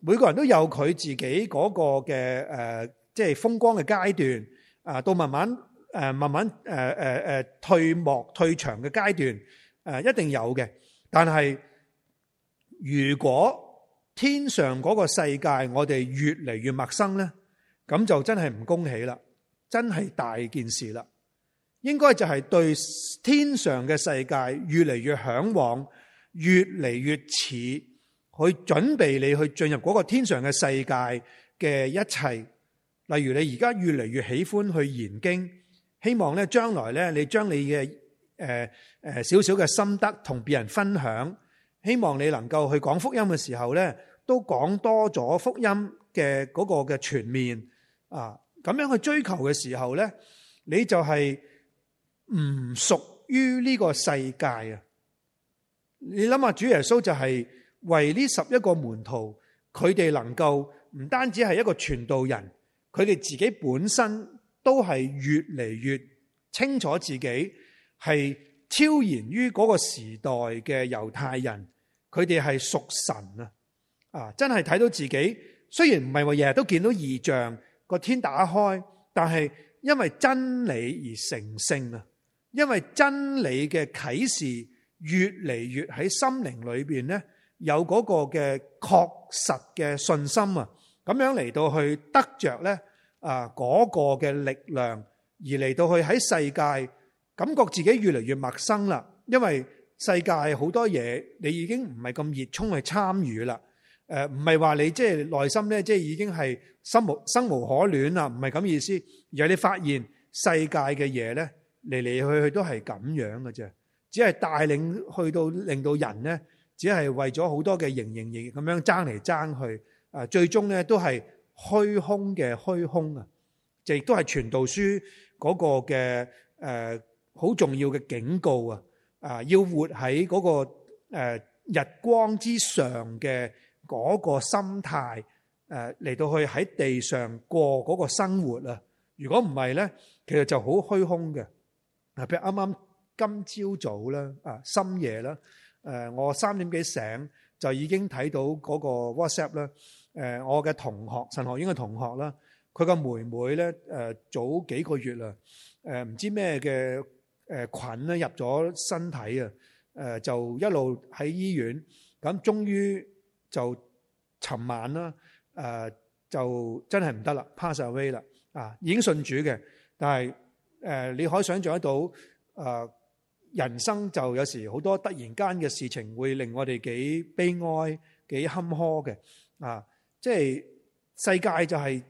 每個人都有佢自己嗰個嘅誒。啊即係風光嘅階段，啊，到慢慢誒、呃，慢慢誒，誒、呃，誒、呃，退幕退場嘅階段，誒、呃，一定有嘅。但係如果天上嗰個世界，我哋越嚟越陌生咧，咁就真係唔恭喜啦，真係大件事啦。應該就係對天上嘅世界越嚟越向往，越嚟越似去準備你去進入嗰個天上嘅世界嘅一切。例如你而家越嚟越喜歡去研經，希望咧將來咧你將你嘅誒誒少少嘅心得同別人分享，希望你能夠去講福音嘅時候咧，都講多咗福音嘅個嘅全面啊，咁樣去追求嘅時候咧，你就係唔屬於呢個世界啊！你諗下，主耶穌就係為呢十一個門徒，佢哋能夠唔單止係一個傳道人。佢哋自己本身都係越嚟越清楚自己係超然於嗰個時代嘅猶太人，佢哋係屬神啊！啊，真係睇到自己雖然唔係話日日都見到異象，個天打開，但係因為真理而成聖啊！因為真理嘅啟示越嚟越喺心靈裏邊咧，有嗰個嘅確實嘅信心啊！咁樣嚟到去得着咧，啊嗰個嘅力量，而嚟到去喺世界感覺自己越嚟越陌生啦。因為世界好多嘢，你已經唔係咁熱衷去參與啦。誒，唔係話你即係內心咧，即係已經係生無生無可戀啊，唔係咁意思。而係你發現世界嘅嘢咧，嚟嚟去去都係咁樣嘅啫，只係帶領去到令到人咧，只係為咗好多嘅營營役役咁樣爭嚟爭去。啊，最終咧都係虛空嘅虛空啊，亦都係傳道書嗰個嘅誒好重要嘅警告啊！啊，要活喺嗰個誒日光之上嘅嗰個心態誒，嚟到去喺地上過嗰個生活啊！如果唔係咧，其實就好虛空嘅。譬如啱啱今朝早咧啊，深夜咧誒，我三點幾醒就已經睇到嗰個 WhatsApp 咧。誒、呃，我嘅同學神學院嘅同學啦，佢個妹妹咧，誒、呃、早幾個月啦，誒、呃、唔知咩嘅誒菌咧入咗身體啊，誒、呃、就一路喺醫院，咁終於就尋晚啦，誒、呃、就真係唔得啦，pass away 啦，啊、呃、已經信主嘅，但係誒、呃、你可以想象得到，誒、呃、人生就有時好多突然間嘅事情會令我哋幾悲哀，幾坎坷嘅，啊、呃，即係世界就係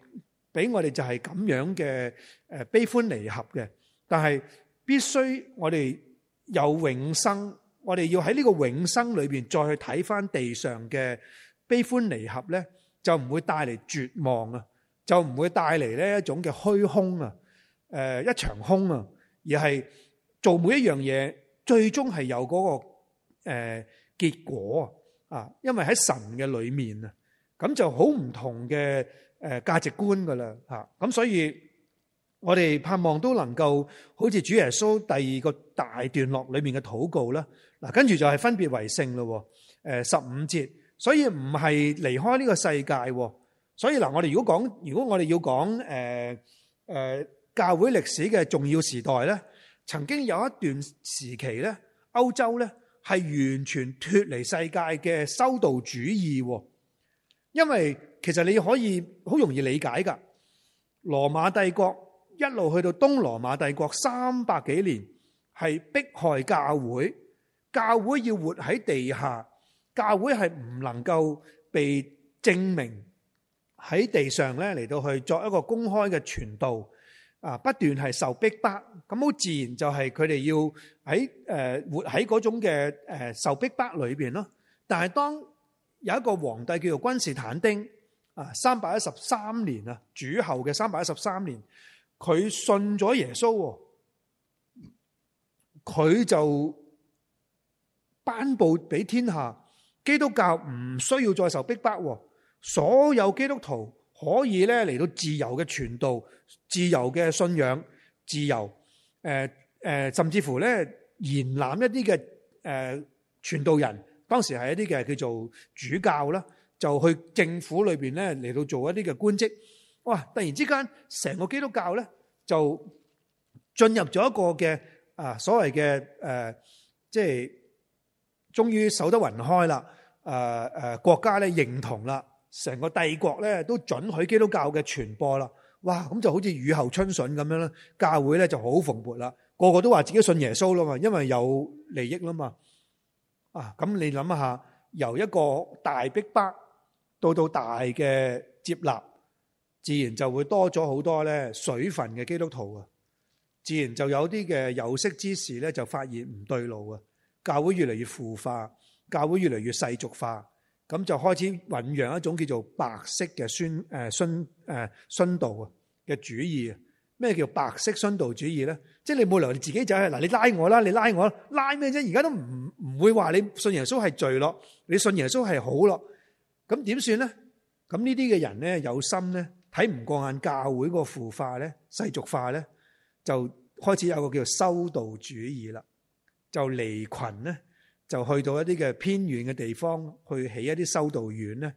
俾我哋就係咁樣嘅誒悲歡離合嘅，但係必須我哋有永生，我哋要喺呢個永生裏邊再去睇返地上嘅悲歡離合咧，就唔會帶嚟絕望啊，就唔會帶嚟呢一種嘅虛空啊，誒一場空啊，而係做每一樣嘢最終係有嗰個誒結果啊，因為喺神嘅裏面啊。咁就好唔同嘅誒價值觀噶啦嚇，咁所以我哋盼望都能夠好似主耶穌第二個大段落裏面嘅禱告啦。嗱跟住就係分別為聖咯，喎，十五節，所以唔係離開呢個世界，所以嗱我哋如果講，如果我哋要講誒誒教會歷史嘅重要時代咧，曾經有一段時期咧，歐洲咧係完全脫離世界嘅修道主義。因為其實你可以好容易理解㗎，羅馬帝國一路去到東羅馬帝國三百幾年，係迫害教會，教會要活喺地下，教會係唔能夠被證明喺地上咧嚟到去作一個公開嘅傳道，啊，不斷係受逼迫，咁好自然就係佢哋要喺誒活喺嗰種嘅誒受逼迫裏邊咯。但係當，有一個皇帝叫做君士坦丁啊，三百一十三年啊，主後嘅三百一十三年，佢信咗耶穌，佢就頒布俾天下，基督教唔需要再受逼迫，所有基督徒可以咧嚟到自由嘅傳道、自由嘅信仰、自由，誒、呃、誒、呃，甚至乎咧延攬一啲嘅誒傳道人。當時係一啲嘅叫做主教啦，就去政府裏邊咧嚟到做一啲嘅官職。哇！突然之間，成個基督教咧就進入咗一個嘅啊，所謂嘅誒，即係終於守得雲開啦。誒誒，國家咧認同啦，成個帝國咧都准許基督教嘅傳播啦。哇！咁就好似雨後春筍咁樣啦，教會咧就好蓬勃啦，個個都話自己信耶穌啦嘛，因為有利益啦嘛。啊，咁你諗下，由一個大逼迫到到大嘅接納，自然就會多咗好多咧水分嘅基督徒啊，自然就有啲嘅有識之士咧就發現唔對路啊，教會越嚟越腐化，教會越嚟越世俗化，咁就開始醞釀一種叫做白色嘅殉誒殉誒殉道啊嘅主義啊，咩叫白色殉道主義咧？即係你冇理由你自己就係嗱，你拉我啦，你拉我啦，拉咩啫？而家都唔唔會話你信耶穌係罪咯，你信耶穌係好咯，咁點算咧？咁呢啲嘅人咧，有心咧，睇唔過眼教會個腐化咧、世俗化咧，就開始有個叫修道主義啦，就離群咧，就去到一啲嘅偏遠嘅地方去起一啲修道院咧，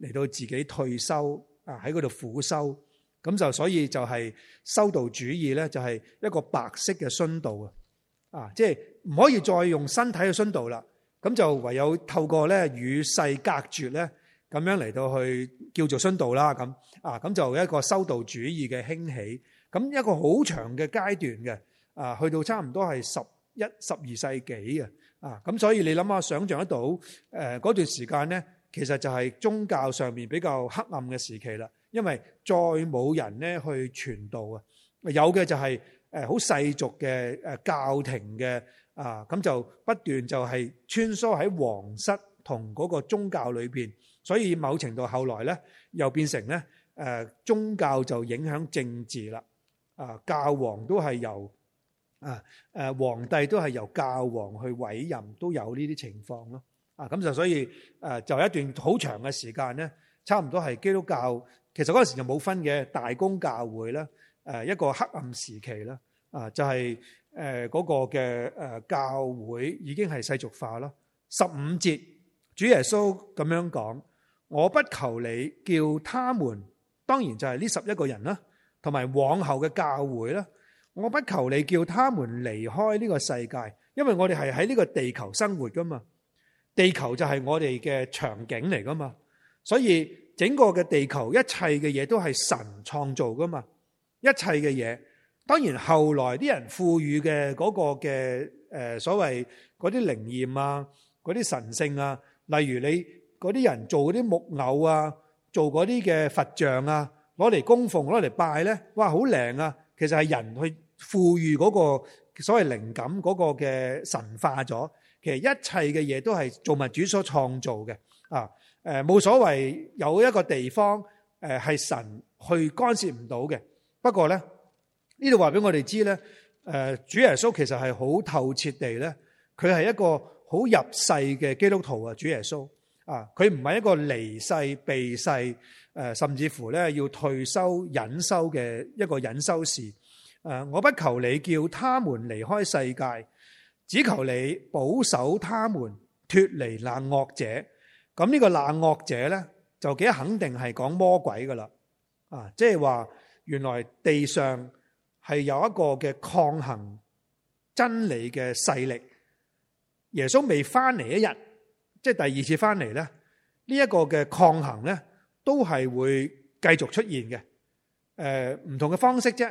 嚟到自己退修啊，喺嗰度苦修。咁就所以就係修道主義咧，就係一個白色嘅殉道啊！啊，即係唔可以再用身體嘅殉道啦。咁就唯有透過咧與世隔絕咧，咁樣嚟到去叫做殉道啦。咁啊，咁就一個修道主義嘅興起，咁一個好長嘅階段嘅啊，去到差唔多係十一、十二世紀嘅啊。咁所以你諗下，想象得到誒嗰段時間咧，其實就係宗教上面比較黑暗嘅時期啦。因為再冇人咧去傳道啊，有嘅就係誒好世俗嘅誒教廷嘅啊，咁就不斷就係穿梭喺皇室同嗰個宗教裏邊，所以某程度後來咧又變成咧誒宗教就影響政治啦啊，教皇都係由啊誒皇帝都係由教皇去委任，都有呢啲情況咯啊，咁就所以誒就一段好長嘅時間咧，差唔多係基督教。其實嗰時就冇分嘅大公教會啦，誒一個黑暗時期啦，啊就係誒嗰個嘅誒教會已經係世俗化啦。十五節，主耶穌咁樣講：我不求你叫他們，當然就係呢十一個人啦，同埋往後嘅教會啦，我不求你叫他們離開呢個世界，因為我哋係喺呢個地球生活噶嘛，地球就係我哋嘅場景嚟噶嘛，所以。整個嘅地球一切嘅嘢都係神創造噶嘛，一切嘅嘢，當然後來啲人賦予嘅嗰個嘅誒所謂嗰啲靈驗啊，嗰啲神聖啊，例如你嗰啲人做嗰啲木偶啊，做嗰啲嘅佛像啊，攞嚟供奉，攞嚟拜咧，哇，好靚啊！其實係人去賦予嗰個所謂靈感嗰個嘅神化咗，其實一切嘅嘢都係造物主所創造嘅啊。誒，冇所謂，有一個地方誒係神去干涉唔到嘅。不過咧，呢度話俾我哋知咧，誒，主耶穌其實係好透徹地咧，佢係一個好入世嘅基督徒啊！主耶穌啊，佢唔係一個離世避世誒，甚至乎咧要退休隱修嘅一個隱修士。誒，我不求你叫他們離開世界，只求你保守他們脱離那惡者。咁、這、呢個冷惡者咧，就幾肯定係講魔鬼噶啦，啊！即係話原來地上係有一個嘅抗衡真理嘅勢力。耶穌未翻嚟一日，即係第二次翻嚟咧，呢、這、一個嘅抗衡咧，都係會繼續出現嘅。唔、呃、同嘅方式啫，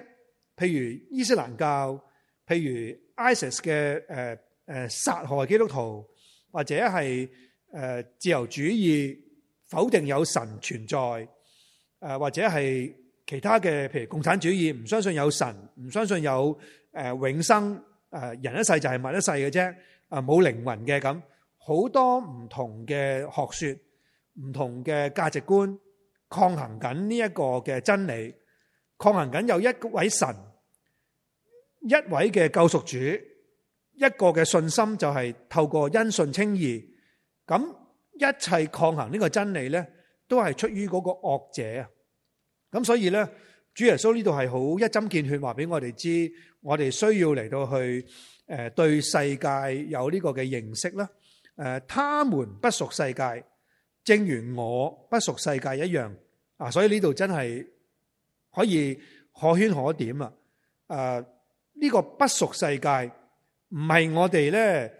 譬如伊斯蘭教，譬如 ISIS 嘅誒殺害基督徒或者係。誒，自由主義否定有神存在，誒或者係其他嘅，譬如共產主義唔相信有神，唔相信有誒永生，誒人一世就係物一世嘅啫，冇靈魂嘅咁，好多唔同嘅學說，唔同嘅價值觀抗衡緊呢一個嘅真理，抗衡緊有一位神，一位嘅救贖主，一個嘅信心就係透過因信稱義。咁一切抗衡呢個真理咧，都係出於嗰個惡者啊！咁所以咧，主耶穌呢度係好一針見血，話俾我哋知，我哋需要嚟到去誒對世界有呢個嘅認識啦。誒，他們不屬世界，正如我不屬世界一樣啊！所以呢度真係可以可圈可點啊！誒，呢個不屬世界，唔係我哋咧。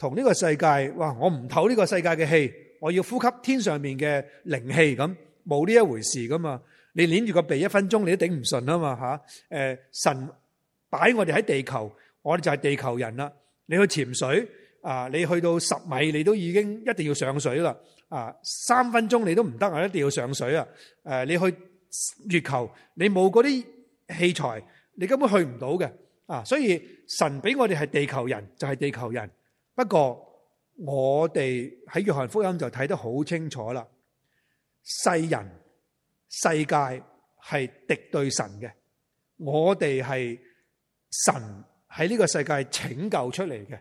同呢個世界，哇！我唔透呢個世界嘅氣，我要呼吸天上面嘅靈氣咁，冇呢一回事噶嘛？你捏住個鼻一分鐘，你都頂唔順啊嘛？吓，誒，神擺我哋喺地球，我哋就係地球人啦。你去潛水啊，你去到十米，你都已經一定要上水啦。啊，三分鐘你都唔得啊，一定要上水啊。誒，你去月球，你冇嗰啲器材，你根本去唔到嘅。啊，所以神俾我哋係地球人，就係地球人。不過我哋喺約翰福音就睇得好清楚啦，世人世界係敵對神嘅，我哋係神喺呢個世界拯救出嚟嘅，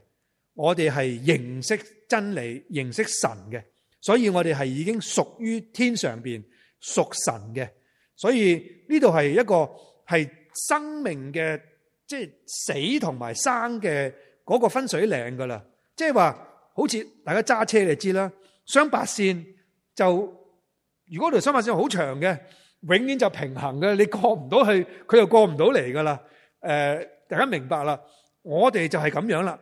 我哋係認識真理、認識神嘅，所以我哋係已經屬於天上邊，屬神嘅，所以呢度係一個係生命嘅，即係死同埋生嘅嗰個分水嶺噶啦。即係話，好似大家揸車你知啦，雙白線就如果條雙白線好長嘅，永遠就平衡嘅，你過唔到去，佢又過唔到嚟噶啦。誒、呃，大家明白啦，我哋就係咁樣啦。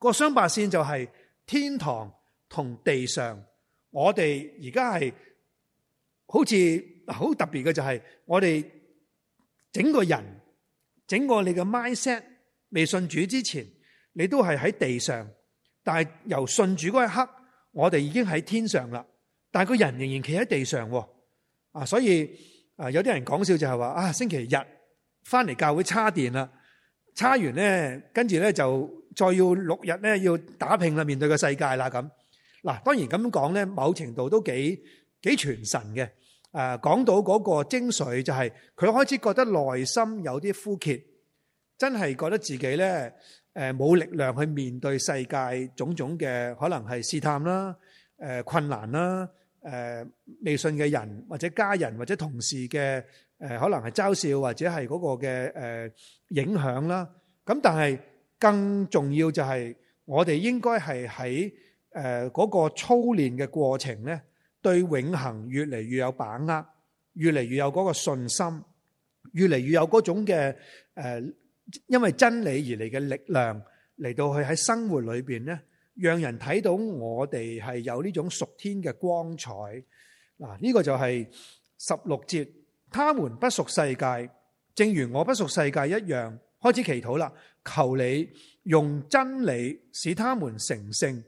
個雙白線就係天堂同地上，我哋而家係好似好特別嘅就係、是，我哋整個人整個你嘅 mindset 未信主之前，你都係喺地上。但係由信主嗰一刻，我哋已經喺天上啦。但係個人仍然企喺地上喎，啊，所以啊，有啲人講笑就係話啊，星期日返嚟教會叉電啦，叉完咧，跟住咧就再要六日咧要打拼啦，面對個世界啦咁。嗱，當然咁講咧，某程度都幾幾全神嘅。誒，講到嗰個精髓就係佢開始覺得內心有啲枯竭，真係覺得自己咧。誒，冇力量去面對世界種種嘅可能係試探啦，誒，困難啦，誒，未信嘅人或者家人或者同事嘅，誒可能係嘲笑或者係嗰個嘅誒影響啦。咁但係更重要就係我哋應該係喺誒嗰個操練嘅過程咧，對永恆越嚟越有把握，越嚟越有嗰個信心，越嚟越有嗰種嘅誒。因為真理而來嘅力量嚟到去喺生活裏邊呢，讓人睇到我哋係有呢種屬天嘅光彩。嗱，呢個就係十六節，他們不屬世界，正如我不屬世界一樣。開始祈禱啦，求你用真理使他們成聖。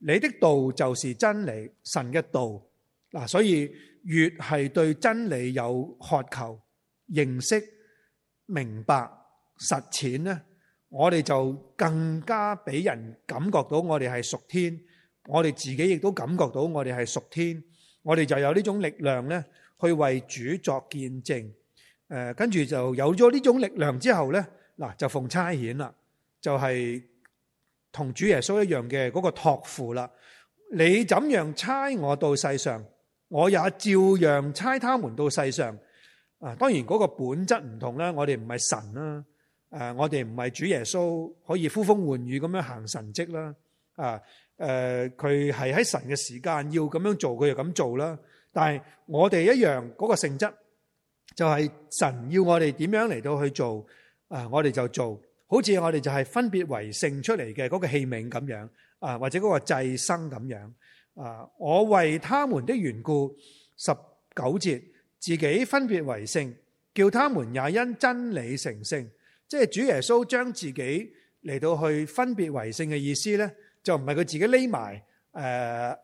你的道就是真理，神嘅道。嗱，所以越係對真理有渴求、認識、明白。實踐咧，我哋就更加俾人感覺到我哋係屬天，我哋自己亦都感覺到我哋係屬天，我哋就有呢種力量咧，去為主作見證。誒，跟住就有咗呢種力量之後咧，嗱就奉差遣啦，就係、是、同主耶穌一樣嘅嗰個託付啦。你怎樣差我到世上，我也照樣差他們到世上。啊，當然嗰個本質唔同啦，我哋唔係神啦。誒，我哋唔係主耶穌可以呼風喚雨咁樣行神跡啦。啊，誒，佢係喺神嘅時間要咁樣做，佢就咁做啦。但係我哋一樣嗰個性質就係神要我哋點樣嚟到去做啊，我哋就做，好似我哋就係分別為聖出嚟嘅嗰個器皿咁樣啊，或者嗰個祭牲咁樣啊。我為他們的緣故，十九節自己分別為聖，叫他們也因真理成聖。即係主耶穌將自己嚟到去分別為聖嘅意思咧，就唔係佢自己匿埋誒誒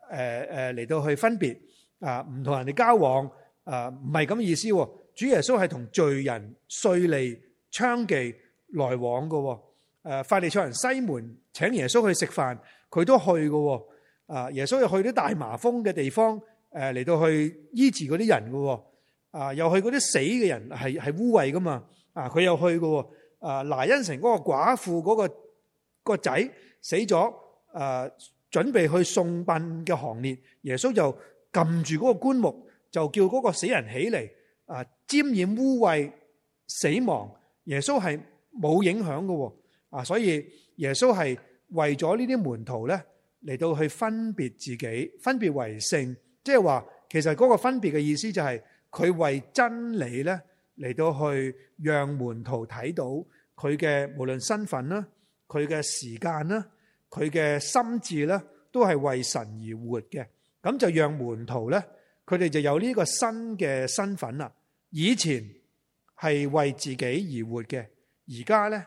誒嚟到去分別啊，唔、呃、同人哋交往啊，唔係咁意思，哦。主耶穌係同罪人、稅吏、娼妓來往噶，哦。誒、啊，法利賽人西門請耶穌去食飯，佢都去噶，哦。啊，耶穌又去啲大麻風嘅地方，誒、啊、嚟到去醫治嗰啲人噶，哦。啊，又去嗰啲死嘅人，係係污穢噶嘛。啊，佢又去噶，哦。啊，拿因城嗰個寡婦嗰個個仔死咗，誒，準備去送殯嘅行列，耶穌就撳住嗰個棺木，就叫嗰個死人起嚟。啊，沾染污穢死亡，耶穌係冇影響嘅，啊，所以耶穌係為咗呢啲門徒咧嚟到去分別自己，分別為聖，即係話其實嗰個分別嘅意思就係佢為真理咧嚟到去讓門徒睇到。佢嘅無論身份啦，佢嘅時間啦，佢嘅心智咧，都係為神而活嘅。咁就讓門徒咧，佢哋就有呢個新嘅身份啦。以前係為自己而活嘅，而家咧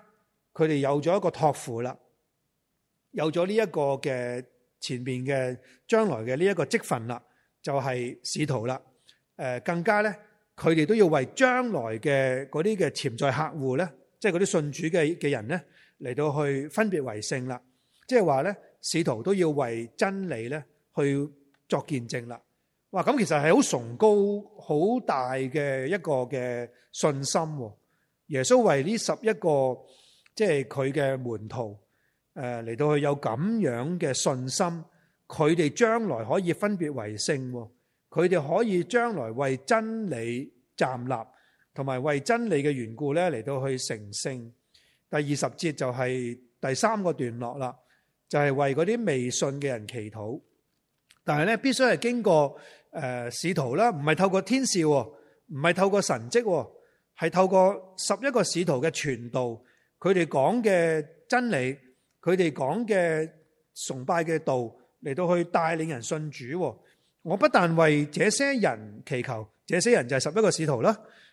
佢哋有咗一個託付啦，有咗呢一個嘅前面嘅將來嘅呢一個職份啦，就係、是、使徒啦。誒，更加咧，佢哋都要為將來嘅嗰啲嘅潛在客戶咧。即係嗰啲信主嘅嘅人咧，嚟到去分別為聖啦。即係話咧，使徒都要為真理咧去作見證啦。哇，咁其實係好崇高、好大嘅一個嘅信心。耶穌為呢十一個，即係佢嘅門徒，誒嚟到去有咁樣嘅信心，佢哋將來可以分別為聖，佢哋可以將來為真理站立。同埋為真理嘅緣故咧，嚟到去成聖。第二十節就係第三個段落啦，就係為嗰啲未信嘅人祈禱。但係咧，必須係經過誒使徒啦，唔係透過天使，唔係透過神蹟，係透過十一個使徒嘅傳道，佢哋講嘅真理，佢哋講嘅崇拜嘅道，嚟到去帶領人信主。我不但為這些人祈求，這些人就係十一個使徒啦。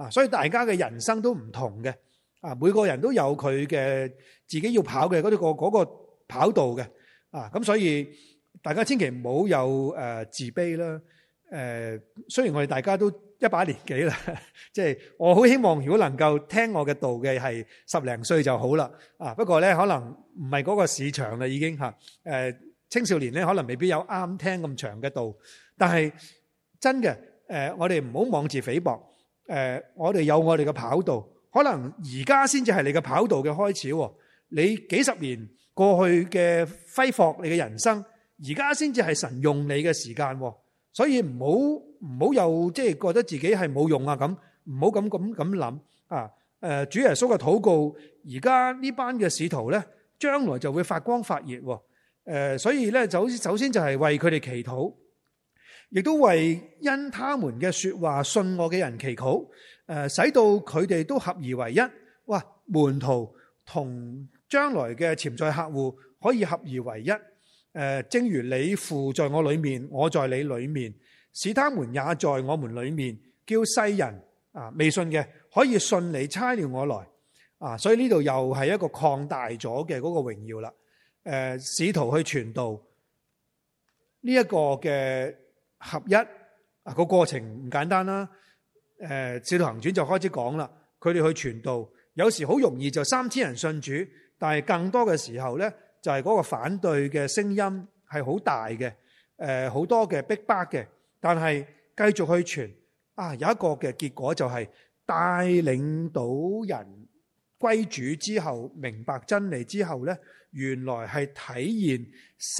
啊，所以大家嘅人生都唔同嘅，啊，每個人都有佢嘅自己要跑嘅嗰啲個跑道嘅，啊，咁所以大家千祈唔好有自卑啦，雖然我哋大家都一把年紀啦，即係我好希望如果能夠聽我嘅道嘅係十零歲就好啦，啊，不過咧可能唔係嗰個市場啦已經嚇，青少年咧可能未必有啱聽咁長嘅道，但係真嘅，我哋唔好妄自菲薄。誒、呃，我哋有我哋嘅跑道，可能而家先至係你嘅跑道嘅開始喎。你幾十年過去嘅揮霍你嘅人生，而家先至係神用你嘅時間，所以唔好唔好又即係覺得自己係冇用啊咁，唔好咁咁咁諗啊。主耶穌嘅禱告，而家呢班嘅使徒咧，將來就會發光發熱喎、呃。所以咧，就好首先就係為佢哋祈禱。亦都為因他們嘅說話信我嘅人祈求，誒，使到佢哋都合而為一。哇，門徒同將來嘅潛在客戶可以合而為一。誒，正如你父在我裏面，我在你裏面，使他們也在我們裏面，叫世人啊，未信嘅可以信你差了我來。啊，所以呢度又係一個擴大咗嘅嗰個榮耀啦。誒、啊，使徒去傳道呢一、這個嘅。合一啊，個過程唔簡單啦，誒《使徒行傳》就開始講啦，佢哋去傳道，有時好容易就三千人信主，但係更多嘅時候咧就係、是、嗰個反對嘅聲音係好大嘅，誒好多嘅逼迫嘅，但係繼續去傳啊，有一個嘅結果就係帶領到人歸主之後，明白真理之後呢，原來係體現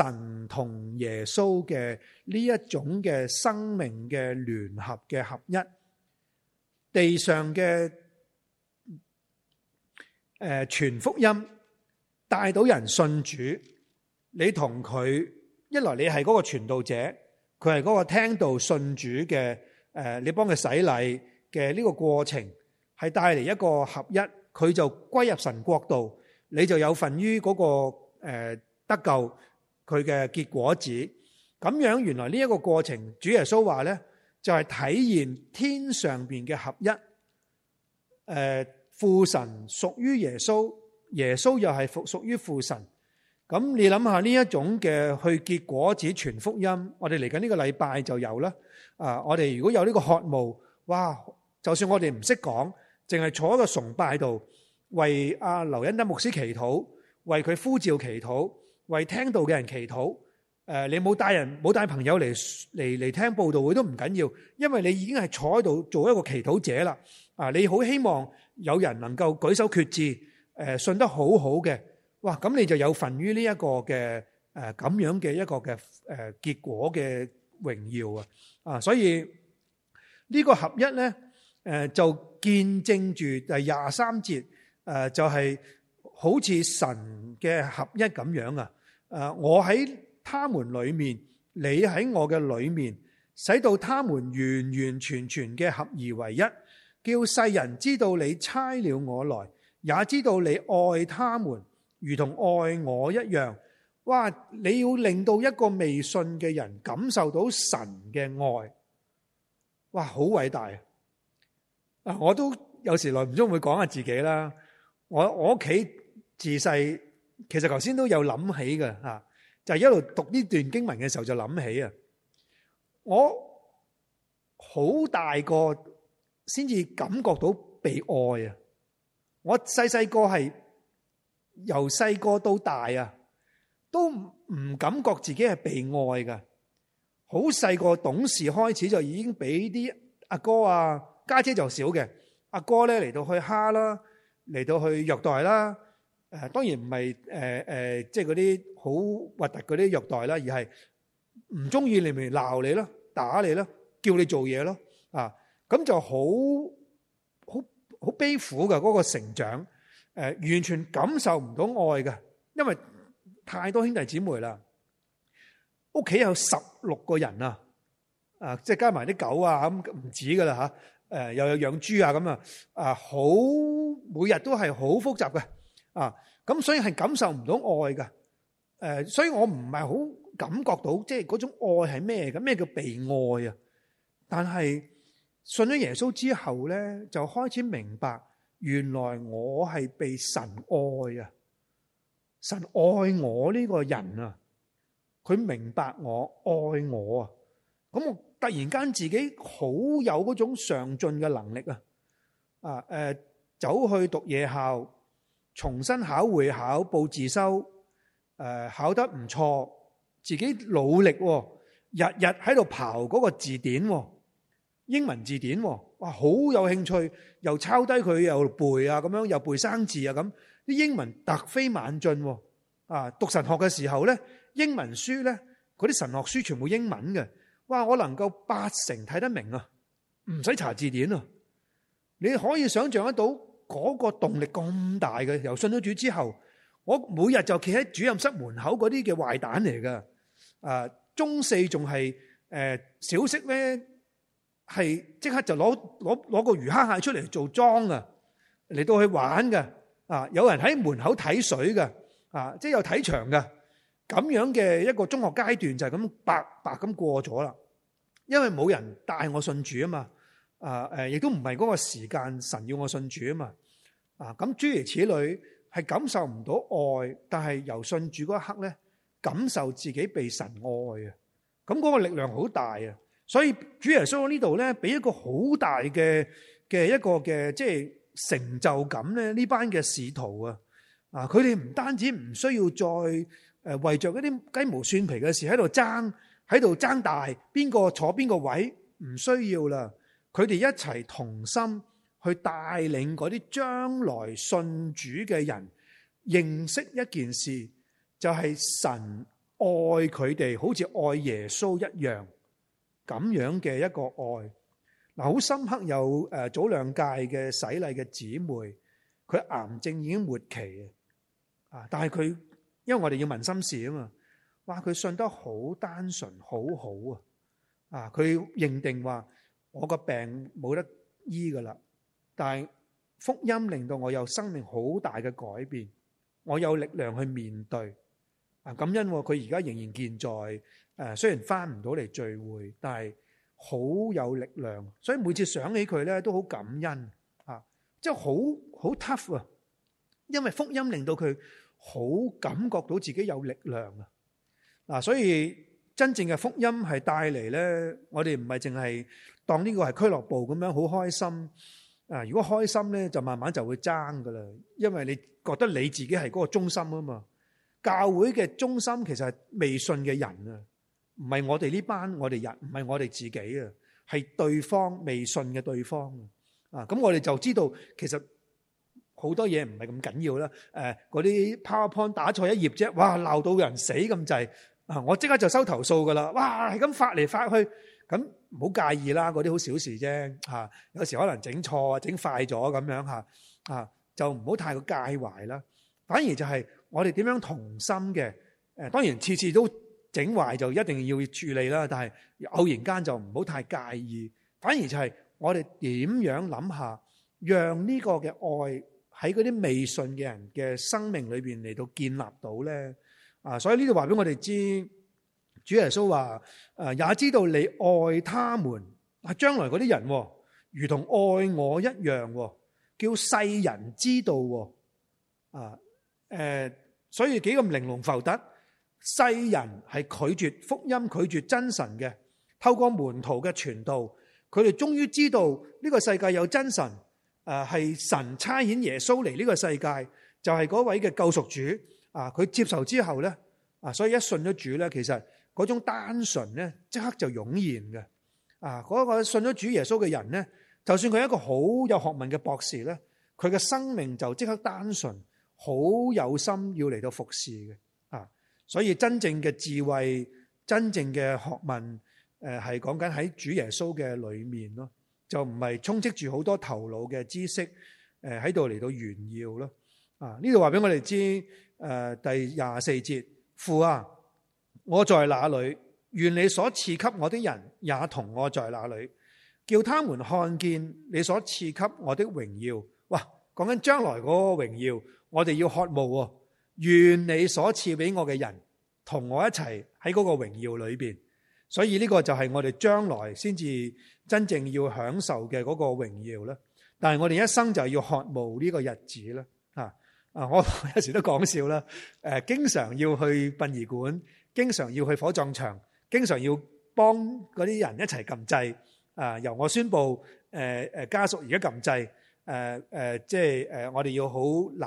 神同耶穌嘅呢一種嘅生命嘅聯合嘅合一。地上嘅誒傳福音帶到人信主，你同佢一來，你係嗰個傳道者，佢係嗰個聽到信主嘅，誒，你幫佢洗禮嘅呢個過程，係帶嚟一個合一。佢就歸入神國度，你就有份於嗰個誒得救佢嘅結果子。咁樣原來呢一個過程，主耶穌話呢就係體現天上邊嘅合一。誒，父神屬於耶穌，耶穌又係屬於父神。咁你諗下呢一種嘅去結果子全福音，我哋嚟緊呢個禮拜就有啦。啊，我哋如果有呢個渴慕，哇，就算我哋唔識講。淨係坐喺個崇拜度，為阿劉恩德牧師祈禱，為佢呼召祈禱，為聽到嘅人祈禱。誒，你冇帶人，冇帶朋友嚟嚟嚟聽佈道會都唔緊要，因為你已經係坐喺度做一個祈禱者啦。啊，你好希望有人能夠舉手決志，誒，信得好好嘅，哇，咁你就有份於呢一個嘅誒咁樣嘅一個嘅誒結果嘅榮耀啊！啊，所以呢個合一咧。誒，就見證住誒廿三節，誒就係好似神嘅合一咁樣啊！誒，我喺他們裏面，你喺我嘅裏面，使到他們完完全全嘅合而為一，叫世人知道你差了我來，也知道你愛他們，如同愛我一樣。哇！你要令到一個未信嘅人感受到神嘅愛，哇，好偉大我都有時耐唔中會講下自己啦。我我屋企自細，其實頭先都有諗起嘅嚇，就係一路讀呢段經文嘅時候就諗起啊。我好大個先至感覺到被愛啊！我細細個係由細個到大啊，都唔感覺自己係被愛㗎。好細個懂事開始就已經俾啲阿哥啊～家姐就少嘅，阿哥咧嚟到去蝦啦，嚟到去虐待啦。誒，當然唔係誒誒，即係嗰啲好核突嗰啲虐待啦，而係唔中意你咪鬧你咯，打你咯，叫你做嘢咯。啊，咁就好好好悲苦嘅嗰個成長。誒，呃，完全感受唔到愛嘅，因為太多兄弟姊妹啦。屋企有十六個人啊，啊，即係加埋啲狗啊，咁唔止噶啦嚇。誒，又有養豬啊咁啊，啊好，每日都係好複雜嘅啊，咁所以係感受唔到愛㗎。誒、啊，所以我唔係好感覺到即係嗰種愛係咩咁，咩叫被愛啊？但係信咗耶穌之後咧，就開始明白，原來我係被神愛啊，神愛我呢個人啊，佢明白我，愛我啊，咁我。突然間自己好有嗰種上進嘅能力啊！啊，誒、呃，走去讀夜校，重新考會考，報自修，誒、啊，考得唔錯，自己努力、啊，日日喺度刨嗰個字典、啊，英文字典、啊，哇，好有興趣，又抄低佢，又背啊，咁樣又背生字啊，咁啲英文突飛猛進、啊，啊，讀神學嘅時候咧，英文書咧，嗰啲神學書全部英文嘅。哇！我能夠八成睇得明啊，唔使查字典啊！你可以想象得到嗰個動力咁大嘅，由信咗主之後，我每日就企喺主任室門口嗰啲嘅壞蛋嚟㗎啊！中四仲係誒小息咧，係即刻就攞攞攞個魚蝦蟹出嚟做莊啊，嚟到去玩㗎啊！有人喺門口睇水㗎啊，即係有睇場㗎。咁樣嘅一個中學階段就係咁白白咁過咗啦，因為冇人帶我信主啊嘛。啊誒，亦都唔係嗰個時間神要我信主啊嘛，啊咁諸如此類，係感受唔到愛，但係由信主嗰一刻咧，感受自己被神愛啊，咁嗰個力量好大啊，所以主耶穌喺呢度咧，俾一個好大嘅嘅一個嘅即係成就感咧，呢班嘅使徒啊，啊佢哋唔單止唔需要再。誒，為著嗰啲雞毛蒜皮嘅事喺度爭，喺度爭大，邊個坐邊個位，唔需要啦。佢哋一齊同心去帶領嗰啲將來信主嘅人，認識一件事，就係神愛佢哋，好似愛耶穌一樣咁樣嘅一個愛。嗱，好深刻有誒，早兩屆嘅洗禮嘅姊妹，佢癌症已經末期啊，但係佢。因為我哋要問心事啊嘛，哇！佢信得好單純，好好啊！啊，佢認定話我個病冇得醫噶啦，但係福音令到我有生命好大嘅改變，我有力量去面對啊！感恩佢而家仍然健在，誒，雖然翻唔到嚟聚會，但係好有力量，所以每次想起佢咧，都好感恩啊！即係好好 tough 啊，因為福音令到佢。好感覺到自己有力量啊！嗱，所以真正嘅福音係帶嚟咧，我哋唔係淨係當呢個係俱樂部咁樣好開心啊！如果開心咧，就慢慢就會爭噶啦，因為你覺得你自己係嗰個中心啊嘛。教會嘅中心其實係未信嘅人啊，唔係我哋呢班我哋人，唔係我哋自己啊，係對方未信嘅對方啊。咁我哋就知道其實。好多嘢唔係咁緊要啦，嗰啲 PowerPoint 打錯一頁啫，哇鬧到人死咁滯，我即刻就收投訴噶啦，哇係咁發嚟發去，咁唔好介意啦，嗰啲好小事啫嚇，有時可能整錯、整快咗咁樣嚇，啊就唔好太過介懷啦。反而就係我哋點樣同心嘅，誒當然次次都整壞就一定要處理啦，但係偶然間就唔好太介意，反而就係我哋點樣諗下，讓呢個嘅愛。喺嗰啲未信嘅人嘅生命裏邊嚟，到建立到咧，啊！所以呢度話俾我哋知，主耶穌話，啊，也知道你愛他們，將來嗰啲人，如同愛我一樣，叫世人知道。啊，誒，所以幾咁玲瓏浮凸，世人係拒絕福音，拒絕真神嘅，透過門徒嘅傳道，佢哋終於知道呢個世界有真神。誒，係神差遣耶穌嚟呢個世界，就係嗰位嘅救贖主啊！佢接受之後咧，啊，所以一信咗主咧，其實嗰種單純咧，即刻就湧現嘅啊！嗰個信咗主耶穌嘅人咧，就算佢係一個好有學問嘅博士咧，佢嘅生命就即刻單純，好有心要嚟到服侍嘅啊！所以真正嘅智慧、真正嘅學問，誒，係講緊喺主耶穌嘅裏面咯。就唔係充斥住好多頭腦嘅知識，誒喺度嚟到炫耀咯。啊，呢度話俾我哋知，誒、呃、第廿四節，父啊，我在哪裏？願你所賜給我的人也同我在哪裏，叫他們看見你所賜給我的榮耀。哇，講緊將來嗰個榮耀，我哋要渴慕喎。願你所賜俾我嘅人同我一齊喺嗰個榮耀裏邊。所以呢個就係我哋將來先至真正要享受嘅嗰個榮耀啦。但係我哋一生就要渴慕呢個日子啦。啊啊，我有時都講笑啦。誒、呃，經常要去殯儀館，經常要去火葬場，經常要幫嗰啲人一齊撳掣。啊、呃，由我宣佈誒誒家屬而家撳掣。誒、呃、誒、呃，即係誒、呃、我哋要好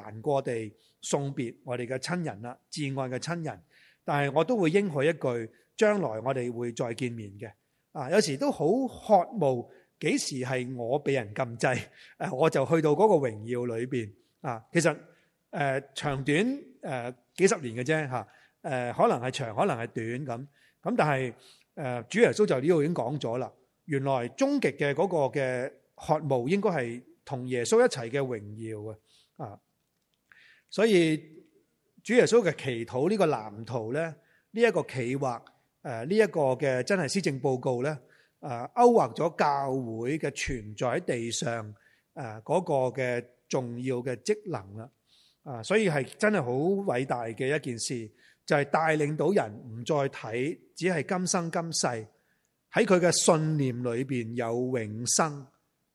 難過地送別我哋嘅親人啦，至愛嘅親人。但係我都會應許一句。將來我哋會再見面嘅，啊，有時都好渴慕幾時係我俾人禁制，誒，我就去到嗰個榮耀裏邊，啊，其實誒，長短誒幾十年嘅啫吓，誒，可能係長，可能係短咁，咁但係誒，主耶穌就呢度已經講咗啦，原來終極嘅嗰個嘅渴慕應該係同耶穌一齊嘅榮耀嘅，啊，所以主耶穌嘅祈禱呢個藍圖咧，呢一個企劃。誒、啊，呢、這、一個嘅真係施政報告呢誒、啊、勾畫咗教會嘅存在喺地上誒嗰、啊，那個嘅重要嘅職能啦，啊，所以係真係好偉大嘅一件事，就係、是、帶領到人唔再睇，只係今生今世，喺佢嘅信念裏邊有永生，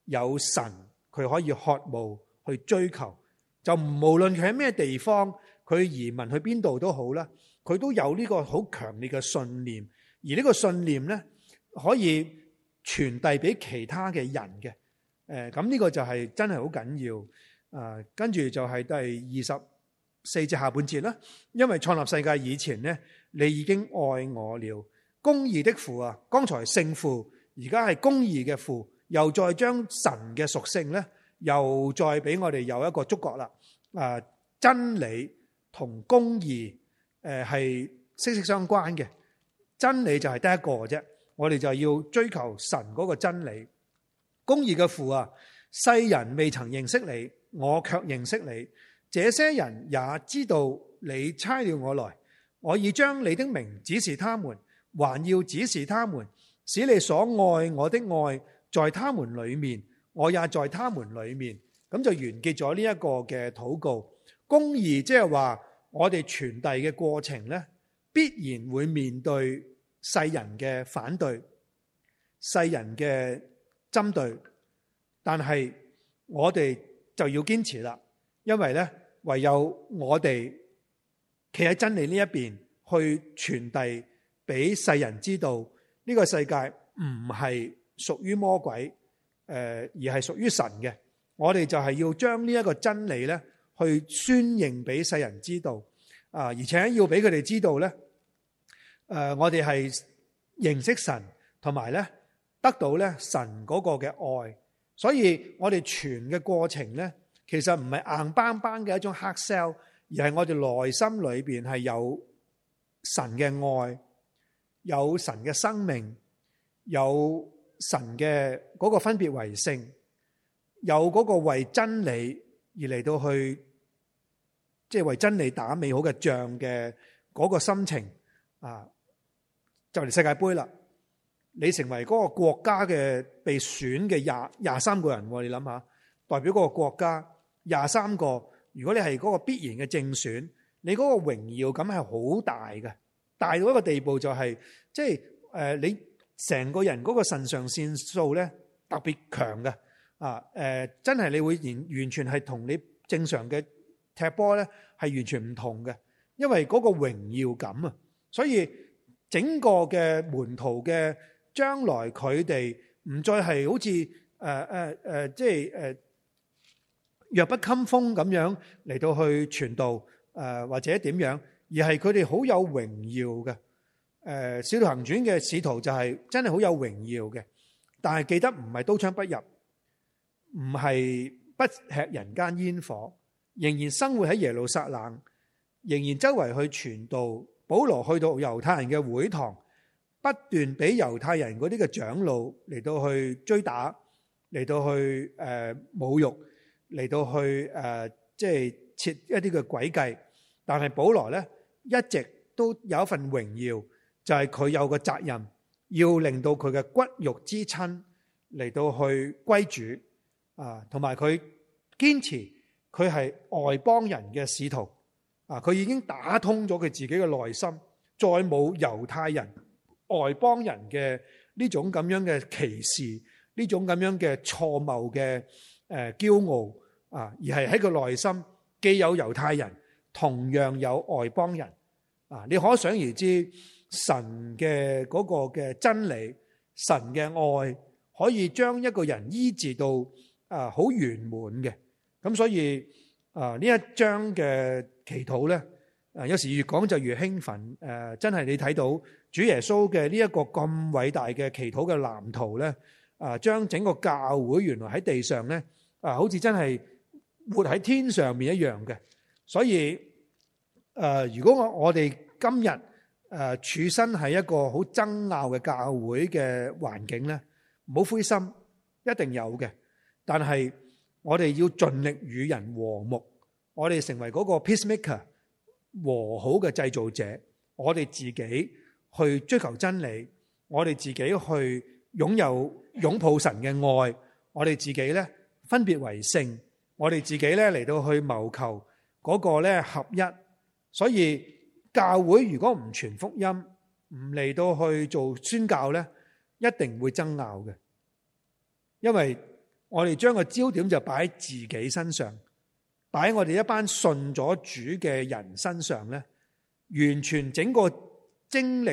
有神佢可以渴慕去追求，就無論佢喺咩地方，佢移民去邊度都好啦，佢都有呢個好強烈嘅信念，而呢個信念呢，可以傳遞俾其他嘅人嘅。誒，咁呢個就係真係好緊要啊。呃、跟住就係第二十四節下半節啦，因為創立世界以前呢，你已經愛我了。公義的父啊，剛才聖父，而家係公義嘅父，又再將神嘅屬性呢，又再俾我哋有一個觸覺啦。啊、呃，真理同公義。誒，係息息相關嘅真理就係得一個啫，我哋就要追求神嗰個真理。公義嘅父啊，世人未曾認識你，我卻認識你，這些人也知道你差了我來，我已將你的名指示他們，還要指示他們，使你所愛我的愛在他們裏面，我也在他們裏面。咁就完結咗呢一個嘅禱告。公義即係話。我哋傳遞嘅過程呢，必然會面對世人嘅反對、世人嘅針對，但係我哋就要堅持啦，因為呢，唯有我哋企喺真理呢一邊去傳遞俾世人知道，呢個世界唔係屬於魔鬼，誒，而係屬於神嘅。我哋就係要將呢一個真理呢。去宣揚俾世人知道，啊，而且要俾佢哋知道咧，誒，我哋係認識神，同埋咧，得到咧神嗰個嘅愛，所以我哋傳嘅過程咧，其實唔係硬邦邦嘅一種黑 sell，而係我哋內心裏邊係有神嘅愛，有神嘅生命，有神嘅嗰個分別為聖，有嗰個為真理而嚟到去。即係為真理打美好嘅仗嘅嗰個心情啊！就嚟世界盃啦，你成為嗰個國家嘅被選嘅廿廿三個人喎，你諗下，代表嗰個國家廿三個。如果你係嗰個必然嘅正選，你嗰個榮耀感係好大嘅，大到一個地步就係即係誒，你成個人嗰個腎上腺素咧特別強嘅啊、呃、真係你會完完全係同你正常嘅。踢波咧係完全唔同嘅，因為嗰個榮耀感啊，所以整個嘅門徒嘅將來，佢哋唔再係好似誒誒誒，即係誒弱不禁風咁樣嚟到去傳道誒，或者點樣，而係佢哋好有榮耀嘅誒《使徒行傳》嘅使徒就係真係好有榮耀嘅，但係記得唔係刀槍不入，唔係不吃人間煙火。仍然生活喺耶路撒冷，仍然周圍去傳道。保羅去到猶太人嘅會堂，不斷俾猶太人嗰啲嘅長老嚟到去追打，嚟到去誒侮辱，嚟到去誒即係設一啲嘅詭計。但係保羅咧，一直都有一份榮耀，就係佢有個責任，要令到佢嘅骨肉之親嚟到去歸主啊，同埋佢堅持。佢係外邦人嘅使徒啊！佢已經打通咗佢自己嘅內心，再冇猶太人外邦人嘅呢種咁樣嘅歧視，呢種咁樣嘅錯謬嘅誒驕傲啊！而係喺佢內心既有猶太人，同樣有外邦人啊！你可想而知，神嘅嗰個嘅真理，神嘅愛可以將一個人醫治到啊好圓滿嘅。咁所以，啊呢一章嘅祈禱咧，啊有時越講就越興奮，誒真係你睇到主耶穌嘅呢一個咁偉大嘅祈禱嘅藍圖咧，啊將整個教會原來喺地上咧，啊好似真係活喺天上面一樣嘅。所以，誒如果我我哋今日誒處身喺一個好爭拗嘅教會嘅環境咧，唔好灰心，一定有嘅，但係。我哋要盡力與人和睦，我哋成為嗰個 peace maker，和好嘅製造者。我哋自己去追求真理，我哋自己去擁有擁抱神嘅愛，我哋自己咧分別為聖，我哋自己咧嚟到去謀求嗰個咧合一。所以教會如果唔傳福音，唔嚟到去做宣教咧，一定會爭拗嘅，因為。我哋將個焦點就擺喺自己身上，擺喺我哋一班信咗主嘅人身上咧，完全整個精力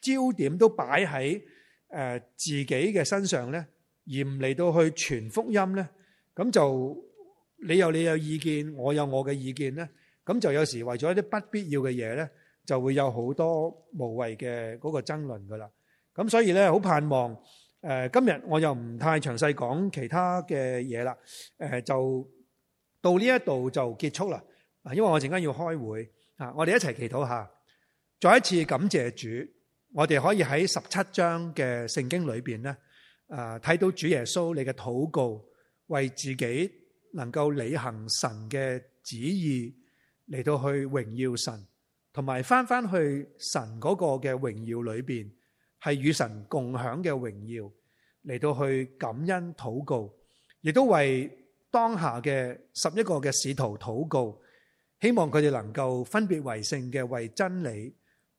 焦點都擺喺誒自己嘅身上咧，而唔嚟到去傳福音咧，咁就你有你有意見，我有我嘅意見咧，咁就有時為咗一啲不必要嘅嘢咧，就會有好多無謂嘅嗰個爭論噶啦，咁所以咧好盼望。誒，今日我又唔太詳細講其他嘅嘢啦，誒，就到呢一度就結束啦。啊，因為我陣間要開會，啊，我哋一齊祈禱下，再一次感謝主，我哋可以喺十七章嘅聖經裏邊咧，啊，睇到主耶穌你嘅禱告，為自己能夠履行神嘅旨意，嚟到去榮耀神，同埋翻翻去神嗰個嘅榮耀裏邊。係與神共享嘅榮耀，嚟到去感恩禱告，亦都為當下嘅十一個嘅使徒禱告，希望佢哋能夠分別為聖嘅，為真理，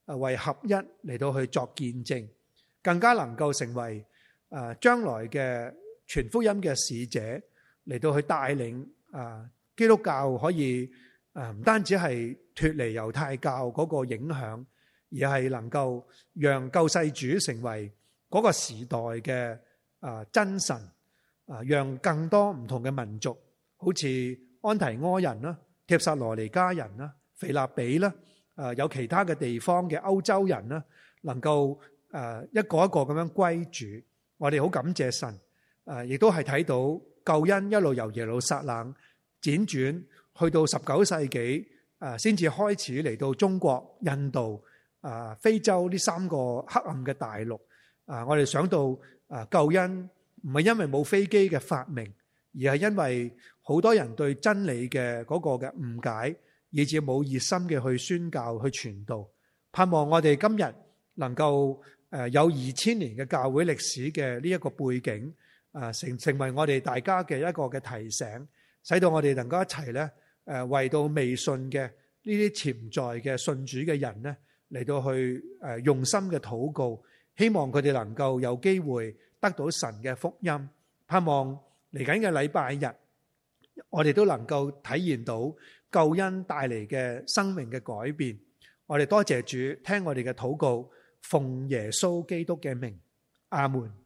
啊，為合一嚟到去作見證，更加能夠成為啊將來嘅全福音嘅使者，嚟到去帶領啊基督教可以啊唔單止係脫離猶太教嗰個影響，而係能夠讓救世主成為嗰個時代嘅，啊真神啊，讓更多唔同嘅民族，好似安提阿人啦、帖撒羅尼加人啦、腓立比啦，啊有其他嘅地方嘅歐洲人啦，能夠誒一個一個咁樣歸主。我哋好感謝神，誒亦都係睇到救恩一路由耶路撒冷輾轉去到十九世紀，誒先至開始嚟到中國、印度。啊！非洲呢三個黑暗嘅大陸啊，我哋想到啊，救恩唔係因為冇飛機嘅發明，而係因為好多人對真理嘅嗰個嘅誤解，以至冇熱心嘅去宣教、去傳道。盼望我哋今日能夠誒有二千年嘅教會歷史嘅呢一個背景啊，成成為我哋大家嘅一個嘅提醒，使到我哋能夠一齊咧誒為到未信嘅呢啲潛在嘅信主嘅人咧。嚟到去誒用心嘅禱告，希望佢哋能夠有機會得到神嘅福音，盼望嚟緊嘅禮拜日，我哋都能夠體驗到救恩帶嚟嘅生命嘅改變。我哋多謝主，聽我哋嘅禱告，奉耶穌基督嘅名，阿門。